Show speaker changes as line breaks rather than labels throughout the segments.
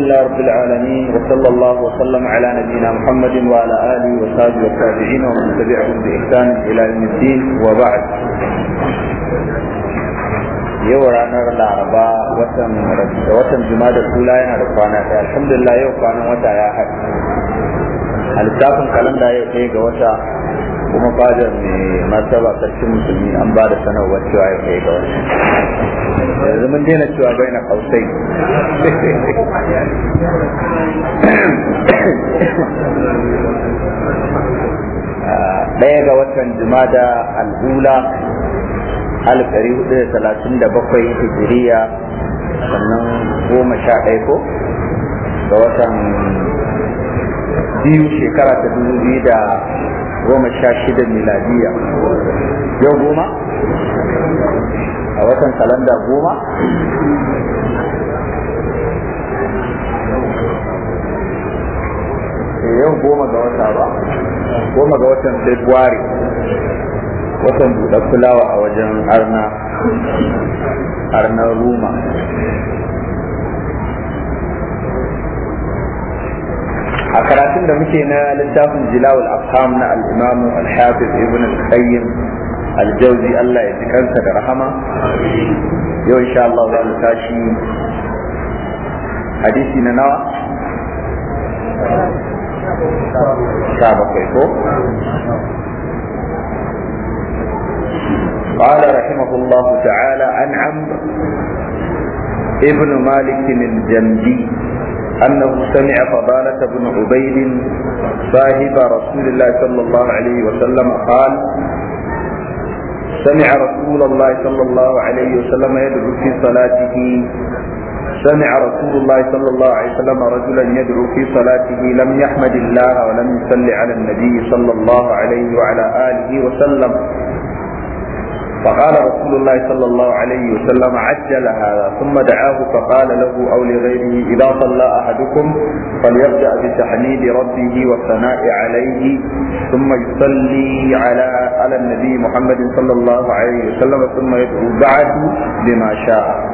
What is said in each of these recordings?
لله رب العالمين وصلى الله وسلم على نبينا محمد وعلى اله وصحبه والتابعين ومن تبعهم باحسان الى يوم الدين وبعد yau ranar laraba watan da watan da kula yana da kwana ta alhamdulillah yau kwanan wata ya haɗu a lissafin kalanda yau ɗaya ga wata kuma fadar mai martaba sarkin musulmi an ba da sanarwar cewa ya kai ga wani yanzu mun daina cewa bai na kausai ɗaya ga watan jumada al'ula alif ɗari hudu da talatin da bakwai hijiriya sannan goma sha ɗaya ko ga watan biyu shekara ta dubu biyu da goma sha shida miladiya yau goma a watan kalanda goma eh, yau goma ga wata ba goma ga watan februari watan buɗe fulawa a wajen arna arna roma a karatun da muke na littafin jilawul afham na al-imamu al-hafiz ibn al-qayyim al-jawzi Allah ya ji kansa da rahama yau insha Allah za mu tashi hadisi na nawa sha bakwai ko قال رحمه الله تعالى عن عمرو ابن مالك الجندي أنه سمع فضالة بن عبيد صاحب رسول الله صلى الله عليه وسلم قال سمع رسول الله صلى الله عليه وسلم يدعو في صلاته سمع رسول الله صلى الله عليه وسلم رجلا يدعو في صلاته لم يحمد الله ولم يصل على النبي صلى الله عليه وعلى آله وسلم فقال رسول الله صلى الله عليه وسلم عجل هذا ثم دعاه فقال له او لغيره اذا صلى احدكم فليبدا بتحميد ربه والثناء عليه ثم يصلي على على النبي محمد صلى الله عليه وسلم ثم يدعو بعد بما شاء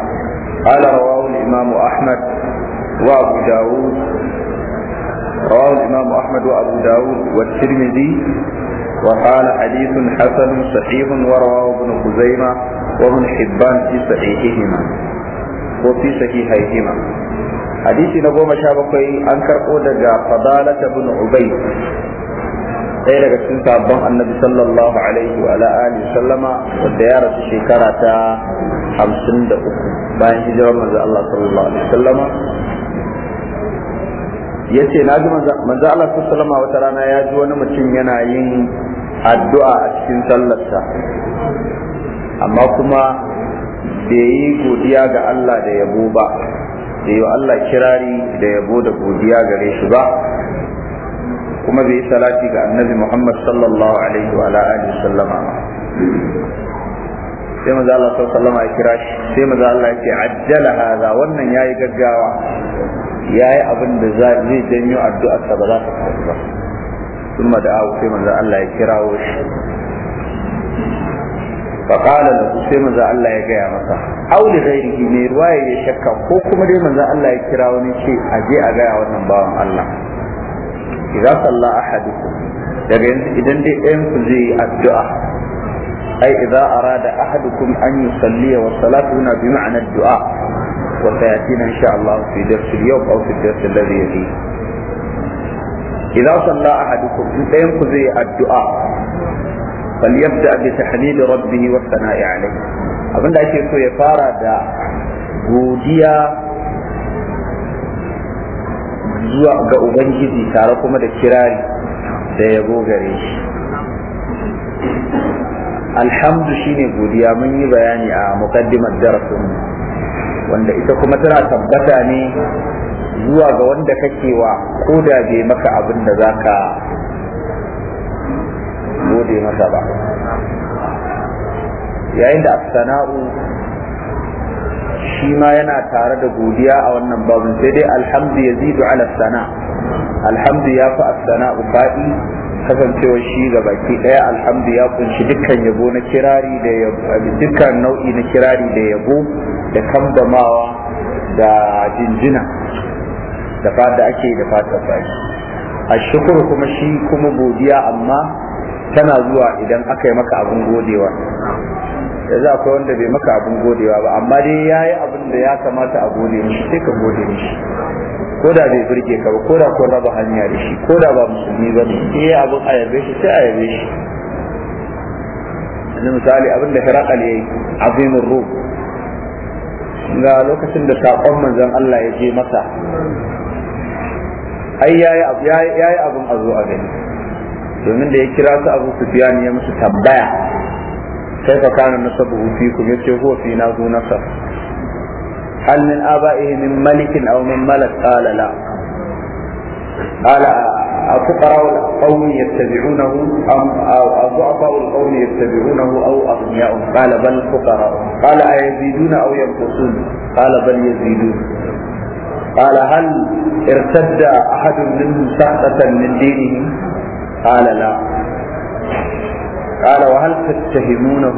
قال رواه الامام احمد وابو داود رواه الامام احمد وابو داود والترمذي وقال حديث حسن صحيح ورواه ابن خزيمة وابن حبان في صحيحهما وفي صحيحيهما حديث نبوة مشابقي أنكر أودغا فضالة بن عبيد ɗaya daga cikin sabon annabi sallallahu alaihi wa alihi sallama wanda ya rasu shekara ta hamsin da uku bayan hijirar manzo Allah sallallahu alaihi sallama yace naji na manzo Allah sallallahu alaihi sallama wata rana ya ji wani mutum yana yin addu'a a cikin sallarsa amma kuma bai yi godiya ga Allah da yabo ba bai yi Allah kirari da yabo da godiya gare shi ba kuma bai yi salati ga annabi Muhammad sallallahu alaihi wa alihi sallama sai maza Allah sallama ya kira shi sai maza Allah ya ce ajjala hadha wannan yayi gaggawa yayi abin da zai janyo addu'arsa ba za ta faru ba ثم دعاه في منزل الله يكراوش فقال له في منزل الله يجي مسا أو لغيره من رواية يشكا فوكما دي منزل الله يكراوني شيء أجي أجي أجي أجي الله إذا صلى أحدكم لكن إذا دي أم الدعاء أي إذا أراد أحدكم أن يصلي والصلاة هنا بمعنى الدعاء وسيأتينا إن شاء الله في درس اليوم أو في الدرس الذي يليه idza salla ahadukum kuɗin ɗayan ku zai addu'a falyabda bi tahmid rabbih wa sana'i alayhi abinda ake so ya fara da godiya zuwa ga ubangiji tare kuma da kirari da yabo gare shi alhamdu shine godiya mun yi bayani a muqaddimat darasin wanda ita kuma tana tabbata ne zuwa ga wanda kake wa ko da bai maka abin da za ka gode masa ba yayin da sana'u shi ma yana tare da godiya a wannan babin sai dai alhamdu ya zidu ala sana alhamdu ya fi sana'u baɗi kasancewar shi ga baki ɗaya alhamdu ya kunshi dukkan yabo na kirari da yabo, dukkan nau'i na kirari da yabo da kamdamawa da jinjina da fata ake da fatar baki ashkuru kuma shi kuma godiya amma tana zuwa idan aka yi maka abin godewa yanzu akwai wanda bai maka abin godewa ba amma dai ya yi abin da ya kamata a gode mishi sai ka gode mishi ko da bai burge ka ba ko da kun raba hanya da shi ko da ba musulmi ba ne sai abin a yabe shi sai a yabe shi yanzu misali abin da firakal ya yi azimin ruhu ga lokacin da saƙon manzon Allah ya je masa ai yayi abu yayi abun a zo a gani domin da ya kira su Abu Sufyan ya musu tambaya sai fa kana nasabu fi kum yace huwa fi na zu nasab hal min abaihi min malikin aw min malak qala la qala أفقراء القوم يتبعونه أم أو ضعفاء القوم يتبعونه أو أغنياء قال بل فقراء قال أيزيدون أو ينقصون قال بل يزيدون قال هل ارتد أحد منهم سخطة من دينه قال لا قال وهل تتهمونه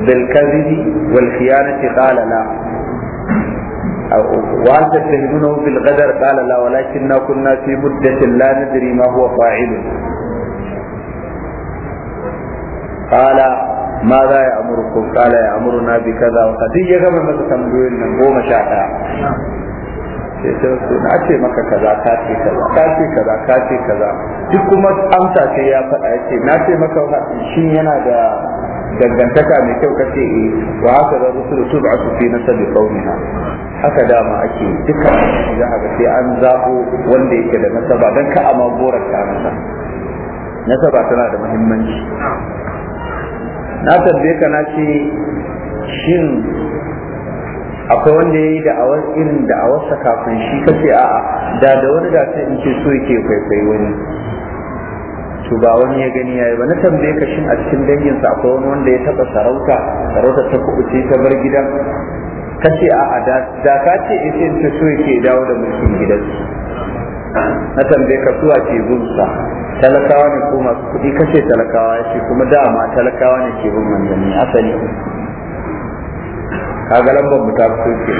بالكذب والخيانة قال لا وهل تتهمونه بالغدر قال لا ولكننا كنا في مدة لا ندري ما هو فاعله قال ma za ya amurku kala ya na bi kaza wa duk ya gama masa tambayoyin nan goma sha ɗaya sai su na ce maka kaza ka ce kaza ka ce kaza ka ce kaza duk kuma amsa ce ya faɗa ya ce na ce maka shin yana da dangantaka mai kyau kace eh wa haka da ba su fi nasabi qaumiha haka dama ake duka za ka sai an zabo wanda yake da nasaba don ka amma gorar ka nasaba tana da muhimmanci na tambaye ka na ce shin akwai wanda ya yi da'awar irin da'awarsa kafin shi ka ce a'a da da wani da ta in ce so yake kwaikwayi wani to ba wani ya gani ya yi ba na tambaye ka shin a cikin danginsa akwai wani wanda ya taba sarauta sarauta ta kubuce ta bar gidan ka ce a'a da ka ce in ce in ce so yake dawo da mulkin gidansu na tambaye ka suwa ke gunsa talakawa ne ko masu kuɗi kashe talakawa ya ce kuma dama talakawa ne ke bin manzanni asali kaga lambar mu ta fito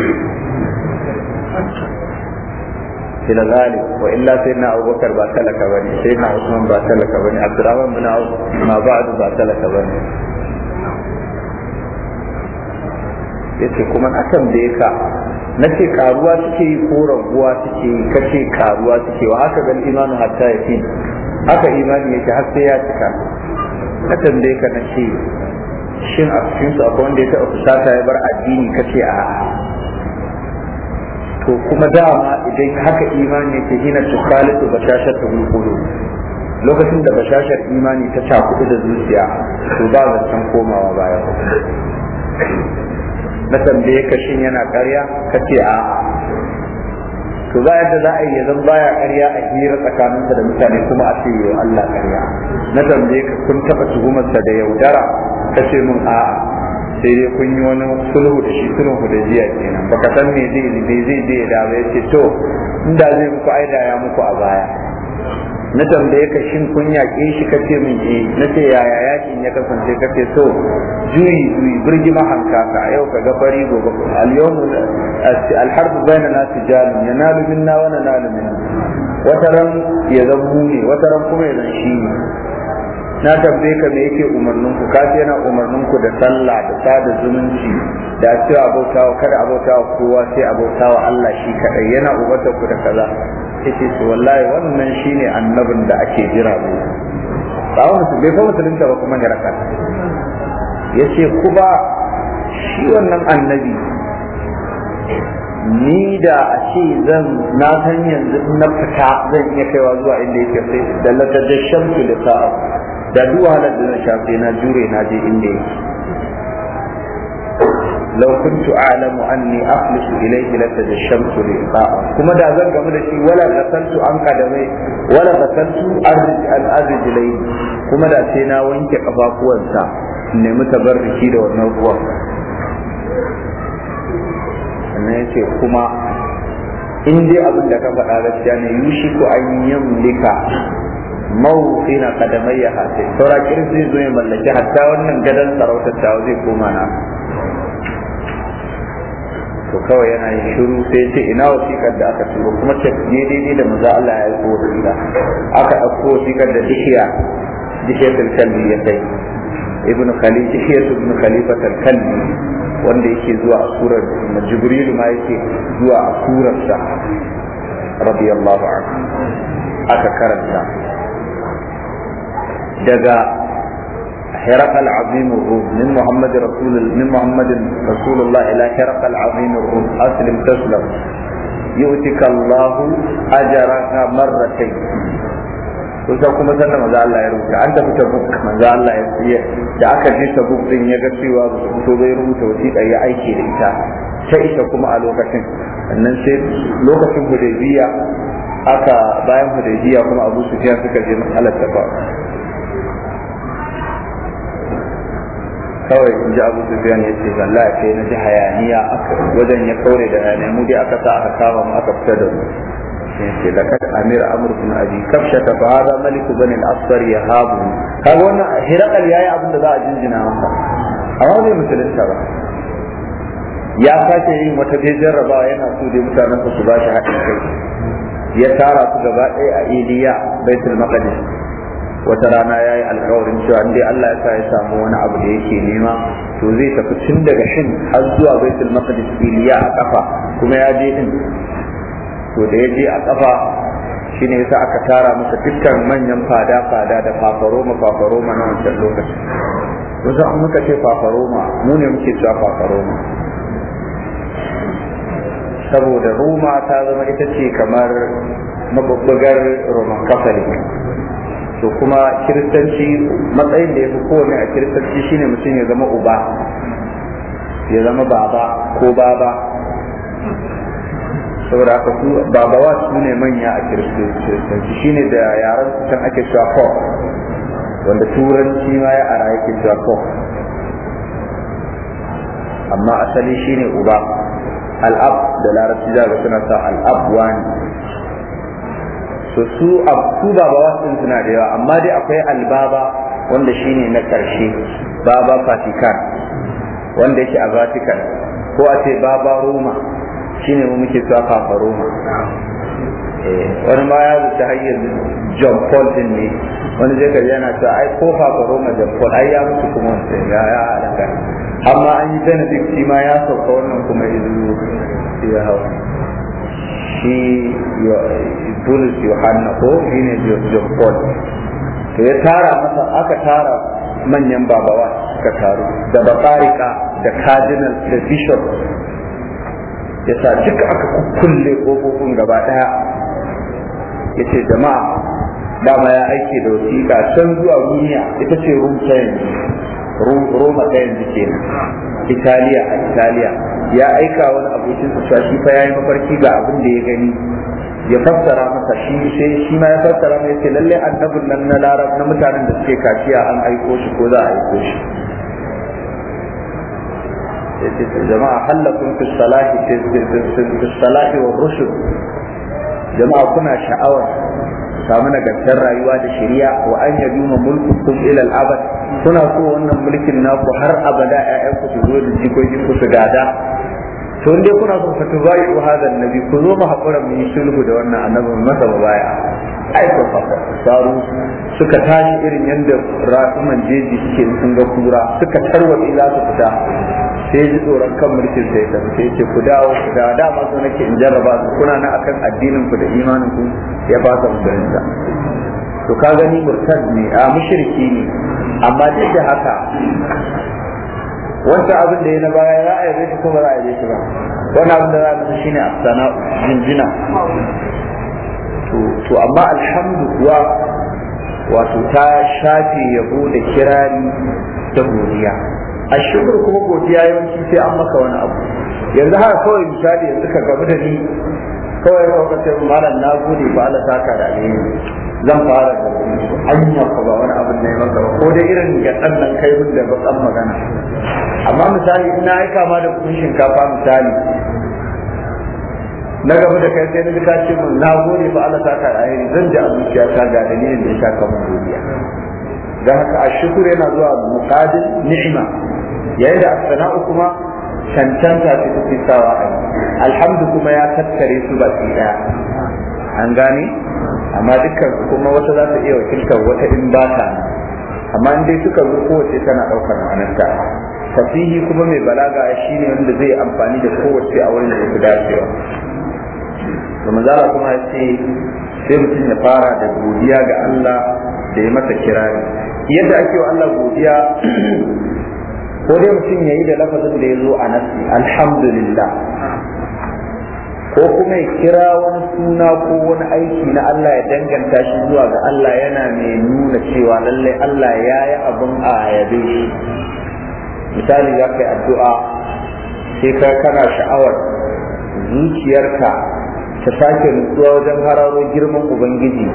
ke ila zalik wa illa sai na abubakar ba talaka bane sai na usman ba talaka bane abdurrahman bin auf ma ba'du ba talaka bane yace kuma na tambaye ka na ce karuwa suke yi ko raguwa suke yi kace karuwa suke wa haka gan imanu hatta yafi haka imani yake har sai ya cika na tambaye ka na ce shin a cikin su akwai wanda ya taɓa fusata ya bar addini ka ce a to kuma dama idan haka imani yake hina tukhalitu bashashar ta qulub lokacin da bashashar imani ta cakuɗu da zuciya to ba san komawa baya na tambaye ka shin yana karya ka ce a to za yadda za a yi zan baya karya a hira tsakaninsa da mutane kuma a ce yi Allah ƙarya na tambaye ka kun taɓa tuhumarsa da yaudara ka ce min a'a sai dai kun yi wani sulhu da shi sulhu da jiya kenan baka san me zai zai da ba yace to inda zai muku aida ya muku a baya na tambaye ka shin kun yaƙe shi ka ce min eh na ce yaya yakin ya kasance ka ce so juyi juyi birgi mahanka ka a yau ka ga fari gobe al-yawm al-harb na tijalun yanalu minna wa nanalu minna ran ya zabu ne ran kuma ya zan shi ne na tambaye ka me yake umarnin ku ka ce yana umarnin ku da sallah da sada zumunci da cewa abautawa kada abotawa kowa sai abotawa Allah shi kadai yana ubarta ku da kaza yace to wallahi wannan shine annabin da ake jira mu ba wani su bai fa musulunta ba kuma garaka yace ku ba shi wannan annabi ni da a ce zan na san yanzu na fita zan iya kaiwa zuwa inda yake sai da lakajar shamsu da sa'a da duwalar da na shafe na jure na je inda yake لو كنت أعلم أني أخلص إليه لتجشمت لإلقاءه كما دا زن قبل شيء ولا غسلت عن قدمي ولا غسلت عن أرجلي كما دا سينا وإنك قفاك وانسا إني متبركي دا ونوضوة أنا يتي كما إن دي أبن لك فقالت يعني يوشك أن يملك mawqina qadamayya hace saura kirzi zo ya mallaki hatta wannan gadan sarautar tawo zai koma na to kawai yana yin shiru sai ce ina wasiƙar da aka turo kuma ce ne daidai da maza Allah ya aiko ila aka aiko wasiƙar da dukiya dishiyatul kalli ya kai ibn khalid dishiyatul ibn Khalifa kalli wanda yake zuwa a surar jibril ma yake zuwa a surar sa radiyallahu anhu aka karanta daga هرق العظيم الروم من محمد رسول من محمد رسول الله الى هرق العظيم الروم اسلم تسلم يؤتك الله اجرك مرتين kusa kuma sannan maza Allah ya rubuta an tafi tabuk maza Allah ya tsiye da aka je tabuk din ya ga cewa ba su fito bai rubuta wasiƙa ya aike da ita ta isa kuma a lokacin sannan sai lokacin hudaybiya aka bayan hudaybiya kuma Abu Sufyan suka je matsalar ta kawai in ji abu sufiyan ya ce ga ce na ji hayaniya wajen ya kaure da hayaniya mu dai aka sa aka kama mu aka fita da mu ce da kada amir amr bin abi kafsha ta fa hada malik bin al-asfar ya habu kaga wannan hirakal yayi abin da za a jinjina masa amma bai musulunta ba ya sake yin wata dai jarrabawa yana so dai mutanen su ba shi haɗin kai ya tara su gaba ɗaya a iliya baitul maqdis wata rana ya yi alkawarin cewa in dai Allah ya sa ya samu wani abu da yake nema to zai tafi tun daga shin har zuwa baitul maqdis iliya a kafa kuma ya je din to da ya je a kafa shine yasa aka tara masa dukkan manyan fada fada da fafaroma fafaroma na wancan lokaci. wasu an muka ce fafaroma mu ne muke cewa fafaroma saboda roma ta zama ita ce kamar mabubbugar roman catholic to kuma kiristanci matsayin da ya fi kowane a kiristanci shine mutum ya zama uba ya zama baba ko baba saboda haka su babawa su ne manya a kiristanci shine da yaran su can ake cewa wanda turanci ma ya ara yake cewa amma asali shine uba al'ab da larabci za ga suna sa al'ab wani to su su baba wasu suna da yawa amma dai akwai albaba wanda shine na karshe baba fatikan wanda yake a vatican ko a ce baba roma shine mu muke cewa papa roma eh, wani ma ya zuci hanyar john paul din ne wani zai kaji yana cewa ai ko papa roma john paul ai ya mutu kuma wancan ya ya halaka amma an yi benedict shi ma ya sauka wannan kuma ya ya hawa shi bulus yohanna ko shi ne john to ya tara masa aka tara manyan babawa suka taru da bakarika da cardinal da bishop ya sa duka aka kulle kofofin gaba daya ya ce jama'a dama ya aike da wasiƙa can zuwa duniya ita ce rum ta yanzu roma ta yanzu kenan italiya a italiya ya aika wani abokin cewa shi fa yayi mafarki ga abin da ya gani ya fassara masa shi sai shi ma ya fassara mai ce lalle annabin nan na larab na mutanen da suke kaciya an aiko shi ko za a aiko shi jama'a hallakun fi salahi fi salahi wa rushd jama'a kuna sha'awar samu nagartar rayuwa da shari'a wa an yaduma mulkukum ila al-abad kuna so wannan mulkin naku har abada 'ya'yanku su zo da jikokin ku su gada to in dai kuna son fatu bai ku hada annabi ku zo mu hakura mu yi sulhu da wannan annabi masa baya ai ko fa saru suka tashi irin yanda rasuman jeji suke sun ga kura suka tarwa ila su fita sai ji tsoron kan mulkin sai ta sai ce ku dawo ku da ma so nake in jarraba su kuna na akan addinin ku da imanin ku ya ba ta musulunta to ka gani murtad ne a mushriki ne amma duk da haka wancan abin da ya na baya za a yabe shi kuma za a yabe shi ba wani abin da za a musu shine afsana'u jinjina to amma alhamdu kuwa wato ta shafe yabo da kirari da godiya a shukur kuma godiya yawanci sai an maka wani abu yanzu haka kawai misali yanzu ka gabu da ni kawai kawai sai malam na gode ba Allah saka da alheri zan fara da anya ko ba wani abin da ya maka ko da irin ga dan nan kai mun da bakan magana amma misali ina ya kama da kudin shinkafa misali na gaba da kai sai na ka ce mun na gode ba Allah ta kai alheri zan ji abuciya ta ga dalilin da ya saka mun godiya dan haka ashkur yana zuwa muqadil ni'ima yayin da as kuma cancanta ta take sawa a alhamdu kuma ya tattare su su da an gane amma dukkan kuma wata za ta iya wakiltar wata in ba ta amma in dai suka zo kowace tana ɗaukar ma'anarta fasihi kuma mai balaga shi ne wanda zai amfani da kowace a wurin da ya fi dacewa da manzala kuma ya ce sai mutum ya fara da godiya ga Allah da ya masa kirari yadda ake wa Allah godiya ko dai mutum ya yi da lafazin da ya zo a nasi alhamdulillah ko kuma ya kira wani suna ko wani aiki na Allah ya danganta shi zuwa ga Allah yana mai nuna cewa lallai Allah ya yi abin a yabe misali za ka yi addu'a sai ka kana sha'awar zuciyarka ta sake nutsuwa wajen hararo girman ubangiji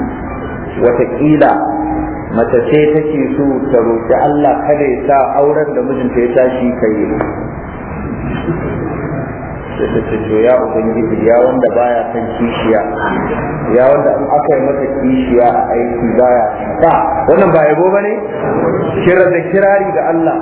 watakila mace ce take so ta roƙi Allah kada ya sa auren da mijinta ya tashi kai sai ta ce ya ubangiji ya wanda baya son kishiya ya wanda in aka yi masa kishiya a aiki baya ta wannan ba yabo bane kira da kirari da Allah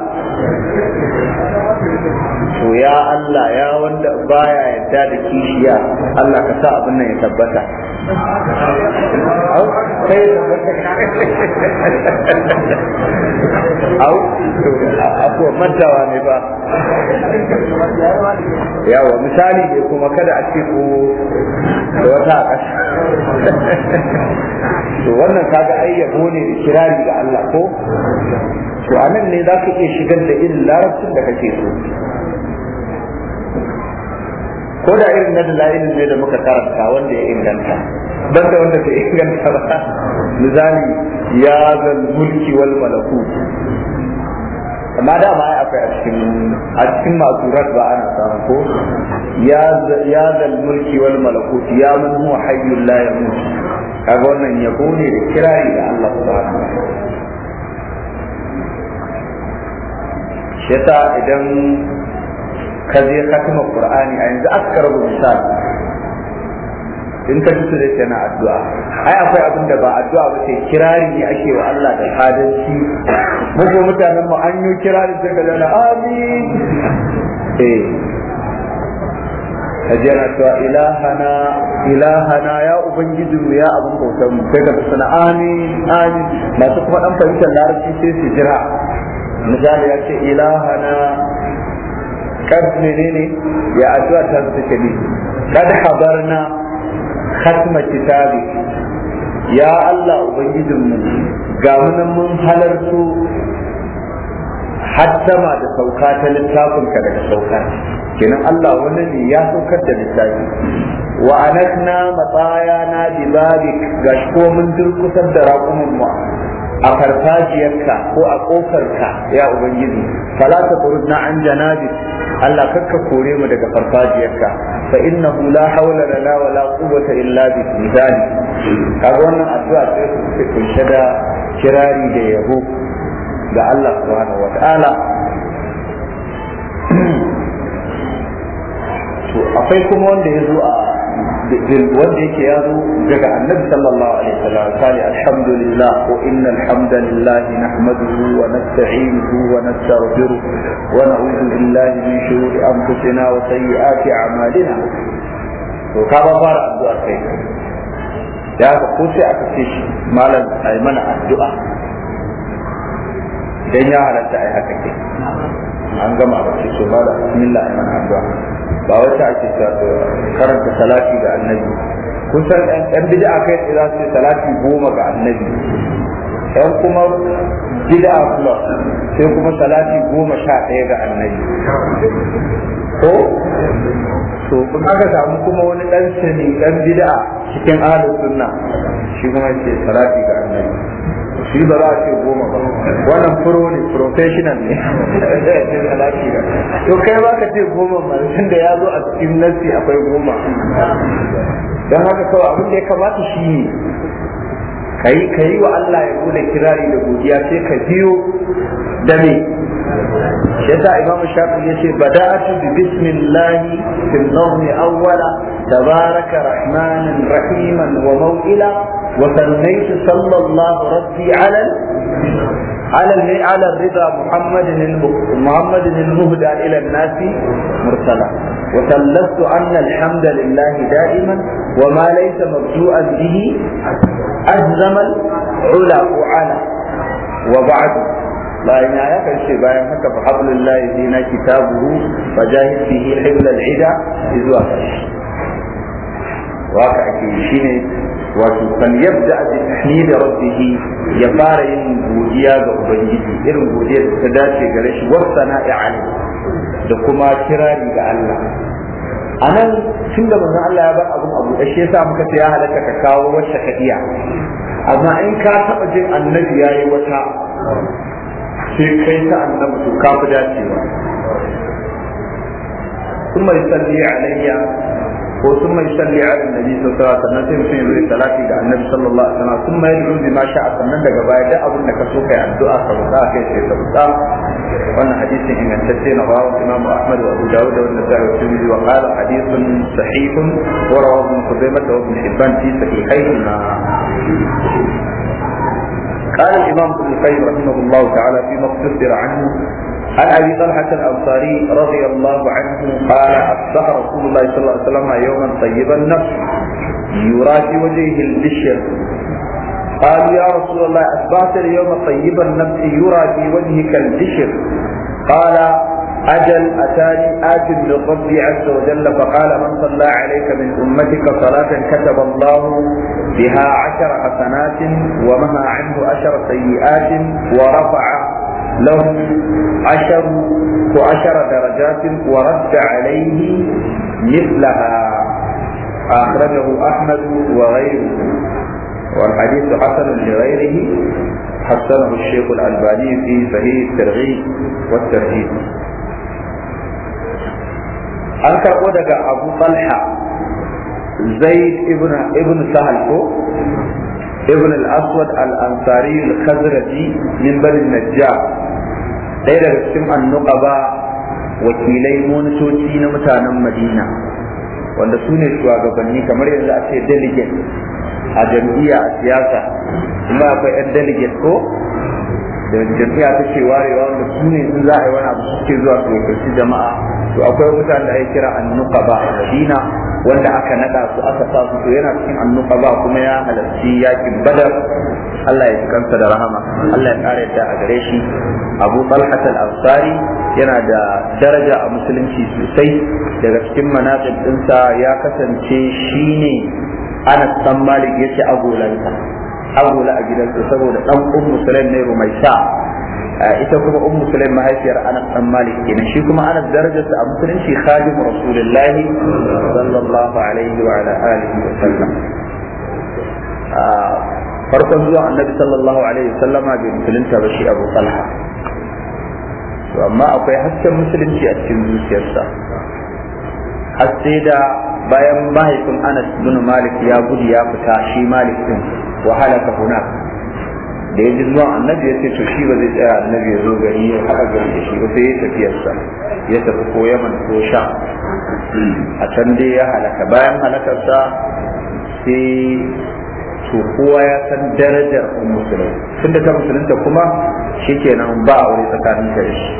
to ya Allah ya wanda baya yadda da kishiya Allah ka sa abin nan ya tabbata au sai au to ba yawa misali ne kuma kada a ce ko da wata a to wannan kaga ayyabo ne da kirari ga Allah ko to anan ne za ka iya shigar da irin larabcin da kake so ko da irin na dalilin ne da muka karanta wanda ya inganta ban da wanda bai inganta ba misali ya zal mulki wal malaku amma da ma akwai a cikin a cikin masurat ba ana samu ko ya zal mulki wal malaku ya mu hayyul la yamut kaga wannan ya kone da kirayi da Allah subhanahu wa ta'ala shi idan ka je katima qur'ani a yanzu aka rabu misali in ka tutu da yana addu'a ai akwai abin da ba addu'a ba sai kirari ne ake wa Allah da fadanci muku mutanen mu an yi kirari sai ka zana amin eh kaje na cewa ilahana ilahana ya ubangiji mu ya abin bautar mu sai ka tsana amin amin masu kuma dan fahimtar larabci sai su jira misali ya ce ilahana kad menene ya addu'a ta su take ne kad habarna khatma kitabi ya Allah ubangijinmu ga munan mun halarto hattama da sauka ta littafinka daga sauka kenan Allah wani ne ya saukar da littafi wa anakna matsayana bi ko mun durkusar da raƙumin mu a farfajiyarka ko a kofarka ya ubangiji fala ta na an janabi Allah kakka kore mu daga farfajiyarka fa innahu la hawla lana la quwwata illa billah kaga wannan addu'a ce take kunshe da kirari da yabo ga Allah subhanahu wa ta'ala to akwai kuma wanda ya zo a wanda yake ya zo daga annabi sallallahu alaihi wasallam kali alhamdulillah wa inna alhamdulillah nahmaduhu wa nasta'inuhu wa nastaghfiruh wa na'udhu billahi min shururi anfusina wa sayyiati a'malina to ka ba fara addu'a kai da haka ko sai aka ce shi malam ai mana addu'a idan ya halatta ai haka kai an gama ba ce ba da bismillah a nan addu'a ba wata ake ta karanta salati ga annabi kun san ɗan bid'a kai za su yi salati goma ga annabi ɗan kuma bid'a kuma sai kuma salati goma sha ɗaya ga annabi ko to kun aka samu kuma wani ɗan sani ɗan bid'a cikin ahlus sunna shi kuma ce salati ga annabi shi ba za a ce goma ba wannan furo ne professional ne to kai ba ka ce goma ba tun da ya zo a cikin nasi akwai goma don haka kawai abin da ya kamata shi ne ka yi wa Allah ya bude kirari da godiya sai ka biyo da me yasa imam shafi yace bada'atu bi bismillahi fi an-nawm awwala tabaraka rahmanan rahiman wa maw'ila wa sannaytu sallallahu rabbi ala على على الرضا محمد محمد المهدى الى الناس مرسلا وثلثت ان الحمد لله دائما وما ليس مبدوءا به اجزم العلا وعلا وبعد bayan ya ya karshe bayan haka fa hablullahi dina kitabuhu fa jahid bihi hibla al-ida zuwa Wa ka ake shine wato kan yabda bi tahmid rabbih ya fara yin godiya ga ubangiji irin godiya da ta dace gare shi wa sana'i alai da kuma kirari ga Allah a nan tun da manzon Allah ya bar abun abu shi yasa muka ce ya halatta ka kawo wacce ka iya amma in ka taba jin annabi yayi wata sai kai ta annabi to ka fi dacewa sun mai salli alayya ko sun mai salli ala annabi sallallahu alaihi wasallam sai mutum ya yi salati da annabi sallallahu alaihi wasallam sun mai yadu bi ma sha'a sannan daga baya da abin da ka so kai addu'a ka roƙa kai sai ka roƙa wannan hadisin ingantacce na bawo Imam Ahmad wa Abu Dawud da wannan sai sun biyu wa qala hadithun sahihun wa rawahu Ibn wa Ibn Hibban fi قال الإمام ابن القيم رحمه الله تعالى فيما اقتصر عنه عن أبي طلحة الأنصاري رضي الله عنه قال أصبح رسول الله صلى الله عليه وسلم يوما طيب النفس يرى في وجهه البشر قالوا يا رسول الله أصبحت اليوم طيب النفس يرى في وجهك البشر قال أجل أتاني آت من ربي عز وجل فقال من صلى عليك من أمتك صلاة كتب الله بها عشر حسنات ومها عنه عشر سيئات ورفع له عشر وعشر درجات ورد عليه مثلها أخرجه أحمد وغيره والحديث حسن لغيره حسنه الشيخ الألباني في صحيح الترغيب والترهيب an karɓo daga abu talha zaid ibn sahal ko ibn al-aswad al-ansari al-khazraji min bani najja ɗaya daga cikin annuqaba wakilai monitoci na mutanen madina wanda su ne shugabanni kamar yanzu a ce delegate a jam'iyya a siyasa kuma akwai 'yan delegate ko da jam'iyya ta ce warewa wanda su ne sun za a yi wani abu suke zuwa su wakilci jama'a to akwai mutane da ake kira annuqaba a Madina wanda aka nada su aka sa su to yana cikin annuqaba kuma ya halarci yakin Badar Allah ya kansa da rahama Allah ya kare da a gare shi Abu Talha al-Ansari yana da daraja a musulunci sosai daga cikin manaqib ɗinsa ya kasance shine ana dan Malik yace agolanta agola a gidansa saboda dan ummu Sulaim ne Rumaisa ita kuma ummu sulaim mahaifiyar anas dan malik kenan shi kuma anas darajarsa a musulunci khadim rasulullahi sallallahu alaihi wa ala alihi wa sallam farkon zuwa annabi sallallahu alaihi wa sallama bai musulunta ba shi abu talha to amma akwai hasken musulunci a cikin zuciyarsa har sai da bayan mahaifin anas bin malik ya gudu ya fita shi malik din wahala ka hunaka da ya ji zuwa annabi ya ce to shi ba zai tsaya annabi ya zo gari ya haɗa gari da shi ba sai ya tafiyarsa ya tafi ko yaman ko sha a can dai ya halaka bayan halakarsa sai to kowa ya san darajar musulun tunda ta musulunta kuma nan ba a wani tsakanin da shi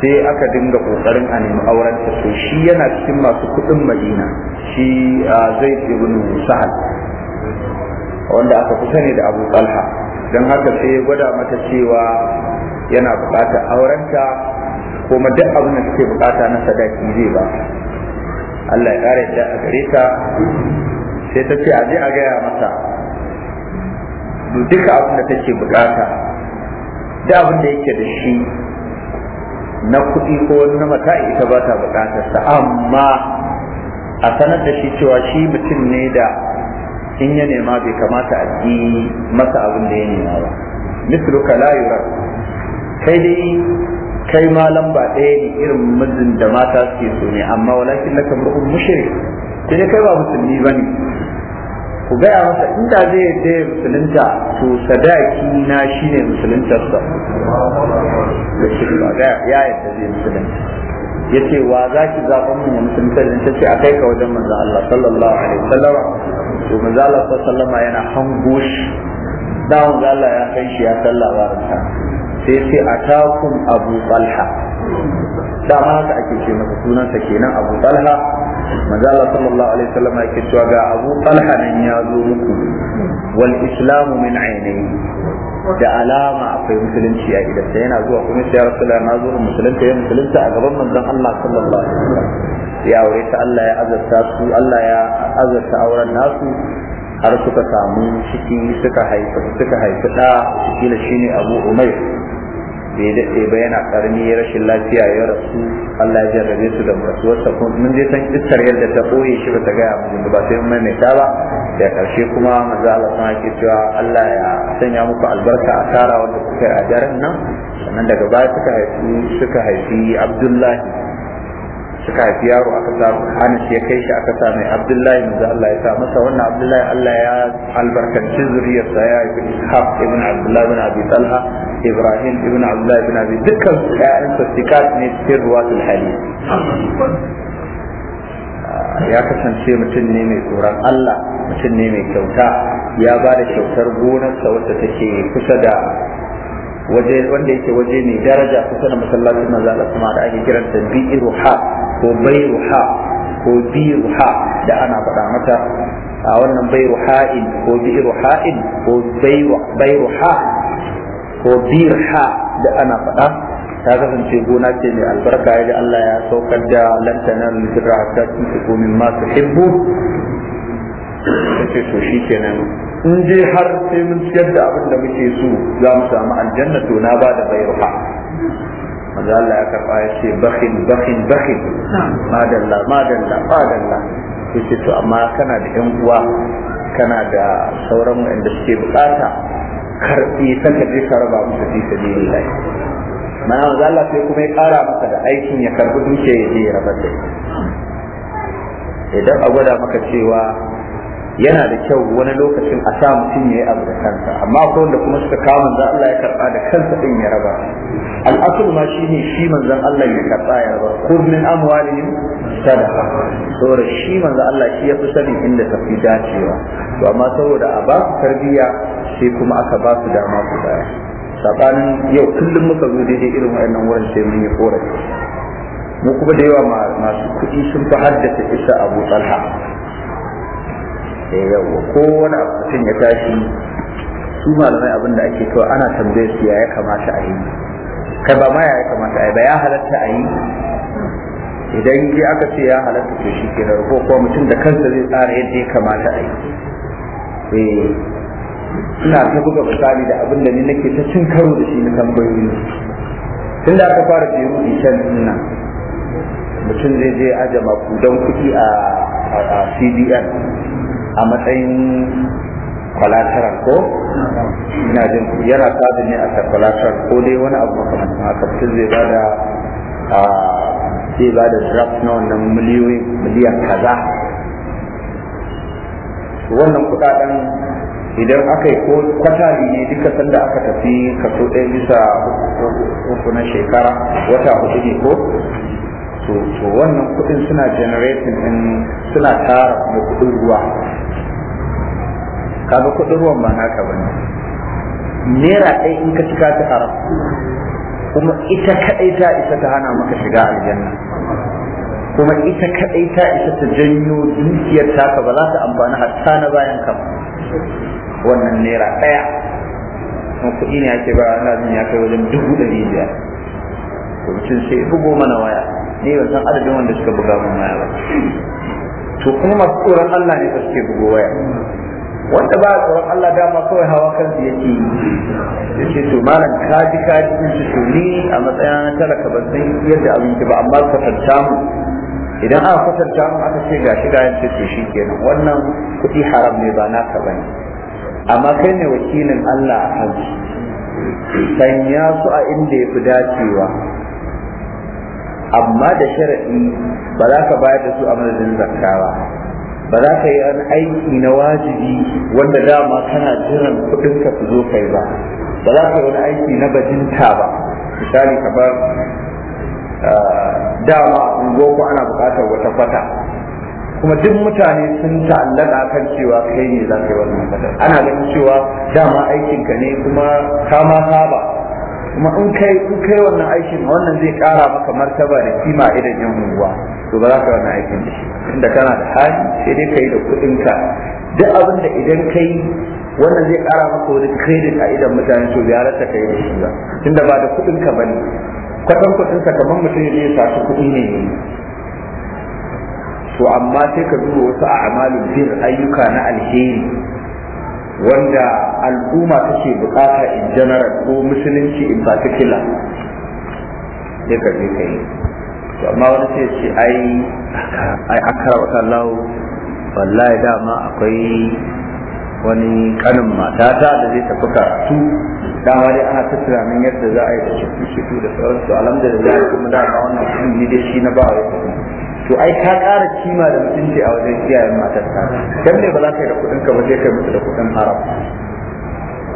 sai aka dinga kokarin a nemi auren ta to shi yana cikin masu kuɗin madina shi ah, zai ibn sa'ad wanda aka kusa ne da abu talha don haka sai ya gwada mata cewa yana bukatar aurenta ko duk abin da suke bukata na sadaki zai ba Allah ya kare ta a gare ta sai ta ce a je a gaya mata, duk abin da take bukata duk abin da yake da shi na kuɗi ko na mata ita ba ta bukatarsa amma a sanar da shi cewa shi mutum ne da in ya nema bai kamata a yi masa abin da ya nema ba ka la yura kai dai kai ma lamba ɗaya ne irin mijin da mata suke so ne amma walakin na kamar un mushrik sai kai ba musulmi ba ne ku gaya masa inda zai yadda ya musulunta to sadaki na shine musuluntarsa ya yadda zai musulunta ya ce wa za ki zaɓa min ya musulunta ta ce a kai ka wajen manzo Allah sallallahu alaihi wasallam to manzo Allah sallallahu yana hango shi da manzo Allah ya kai shi ya sallah baranta sai ce atakum abu talha dama haka ake ce masa sunansa kenan abu talha manzo Allah sallallahu alaihi wasallam yake cewa ga abu talha nan ya zo muku wal islamu min ainihi da alama akwai musulunci a gidansa yana zuwa kuma ya da na zo musulunta ya musulunta a gaban manzon Allah sallallahu alaihi wasallam ya aure ta Allah ya azarta su Allah ya azurta auren nasu har suka samu ciki suka haifi suka haifi da shi ne Abu Umair bai daɗe ba yana ƙarni rashin lafiya ya rasu Allah ya jarrabe su da rasuwarsa kuma mun je san iskar yadda ta ɓoye shi ba ta gaya mu ba sai mun maimaita ba da ƙarshe kuma maza Allah sun ake cewa Allah ya sanya muku albarka a tara wanda kuka yi a jarin nan sannan daga baya suka haifi Abdullahi suka haifi yaro aka sa hana shi ya kai shi aka sa mai abdullahi manzo Allah ya sa masa wannan abdullahi Allah ya albarkaci zuriyarsa ya yi ishaq ibn abdullahi ibn abi talha ibrahim ibn abdullahi ibn abi dukkan ƴaƴansa sikat ne cikin ruwatul hadith
ah,
ya kasance mutum ne mai tsoron Allah mutum ne mai kyauta ya ba da kyautar gonarsa wadda take kusa da waje wanda yake waje mai daraja kusa da masallacin manzo Allah kuma da ake kiranta bi'iru ha ko bayruha ko biruha da ana faɗa mata a wannan bayruha'in ko biruha'in ko bayruha ko birha da ana faɗa ta kasance gona ce mai albarka ya Allah ya saukar da lantanar lura ta cikin komin masu hibbu ce to shi kenan in je har sai mun ciyar da abin da muke so za mu samu aljanna to na ba da bayruha manzo Allah ya karɓa ya ce bakin bakin bakin madalla madalla madalla ce to amma kana da yan uwa kana da sauran wanda suke bukata karbi ta je karɓa raba musu fi sabilillah mana manzo Allah sai kuma ya kara maka da aikin ya karɓi dukiya ya je ya rabar da idan a gwada maka cewa yana da kyau wani lokacin a sa mutum ya yi abu da kansa amma ko wanda kuma suka kawo manzan Allah ya karɓa da kansa ɗin ya raba al'asul ma shi ne shi manzan Allah ya karɓa ya raba ko min amwalihim sadaqa saboda shi manzan Allah shi ya fi sanin inda ta fi dacewa to amma saboda a ba su tarbiyya sai kuma aka ba su dama su baya sabanin yau kullum muka zo daidai irin waɗannan wurin sai mun yi korafi mu kuma da yawa masu kuɗi sun fi haddasa isa abu talha sai yawa ko wani mutum ya tashi su malamai abin da ake kawai ana tambayar su ya kamata a yi kai ba ma ya kamata a yi ba ya halatta a yi idan ji aka ce ya halatta to shi ke ko kuma mutum da kansa zai tsara yadda ya kamata a yi eh, ina ta buga misali da abin da ni nake ta cin karo da shi na tambayoyi tun da aka fara in can ina mutum zai je aje makudan kuɗi a cdn a matsayin kwalatarar ko ina jin yana sabin ne a kwalatarar ko dai wani abu makamancin haka mutum zai ba da zai ba da draft na wannan miliyoyin miliyan kaza wannan kudaden idan aka yi ko kwatali ne duka sanda aka tafi kaso ɗaya bisa uku na shekara wata hudu ne ko to wannan kudin suna generating suna tara kuma kudin ruwa kaga kuɗin ruwan ba naka bane naira ɗaya in ka cika ta haram kuma ita kaɗai ta isa ta hana maka shiga aljanna kuma ita kaɗai ta isa ta janyo dukiyar taka ba za ta amfani hatta na bayan ka wannan naira ɗaya kuma kuɗi ne ake ba na jin ya kai wajen dubu ɗari biyar to mutum sai bugo mana waya ne ban san adadin wanda suka buga mun waya ba to kuma masu tsoron Allah ne fa suke bugo waya wanda ba a tsoron Allah dama kawai hawa kansu yake yi ya ce to malam kaji kaji in su to ni a matsayin talaka ban san yadda abin ba amma kwatanta mu idan aka kwatanta mu aka ce ga shi gayan ce shi kenan wannan kuɗi haram ne ba naka bane amma kai ne wakilin Allah a kansu sanya su a inda ya fi dacewa amma da sharaɗi ba za ka bayar da su a madadin zakka ba ba za ka yi an aiki na wajibi wanda dama kana jiran kuɗin ka ku zo kai ba ba za ka yi wani aiki na bajinta ba misali kamar ah, dama unguwarku ana buƙatar wata kwata kuma duk mutane sun ta'allaka kan cewa kai ne za ka yi wannan kwatar ana ganin cewa dama aikinka ne kuma ka ma saba kuma in kai in kai wannan aikin wannan zai kara maka martaba da kima idan yan unguwa to ba za ka wannan aikin da shi inda kana da hali sai dai kai da kudin ka duk abin da idan kai wannan zai kara maka wani credit a idan mutane to ya rasa kai da shi ba tunda ba da kudin ka bane kwatan kuɗin ka kamar mutum ya ya saci kudi ne to amma sai ka duba wasu a'malu bir ayyuka na alheri wanda al'umma take bukata in general ko musulunci in particular ya karbi kai to amma wani sai ce ai ai akara wa sallahu wallahi dama akwai wani kanin matata da zai tafi karatu dama dai ana tattara min yadda za a yi da shi da sauransu alhamdulillah kuma dama wannan shi ne da shi na ba yi to ai ka ƙara kima da mutunci a wajen iyayen matarka dan ne ba za ka yi da kuɗin ka ba sai ka mutu da kuɗin haram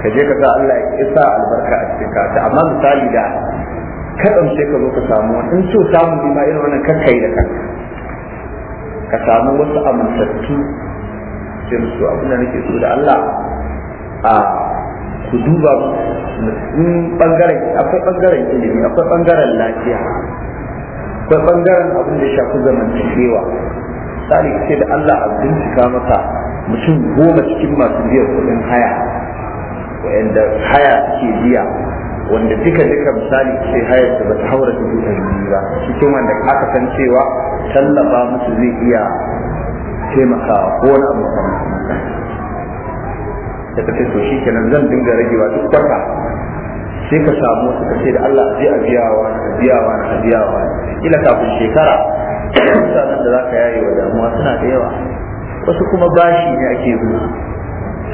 ka je ka ga Allah ya isa albarka a cikin ka amma misali da ka ɗauke ka zo ka samu wani in so samu bi ma irin wannan yi da kanka ka samu wasu amintattu ce musu abin da nake so da Allah a ku duba in bangaren akwai bangaren ilimi akwai bangaren lafiya kai bangaren abin da shafi cikewa tsari sai da Allah a bincika maka mutum goma cikin masu biyar kuɗin haya wanda haya ke biya wanda duka duka misali ce hayar da ta haura dubu ɗari biyu ba cikin wanda aka san cewa tallafa musu zai iya taimakawa ko wani abu kamar da ka to shi kenan zan dinga ragewa duk kwarka, sai ka samu su ka ce da Allah a je a biyawa a biyawa a biyawa kila kafin shekara mutanen da za ka yaye wa damuwa suna da yawa wasu kuma bashi ne ake bi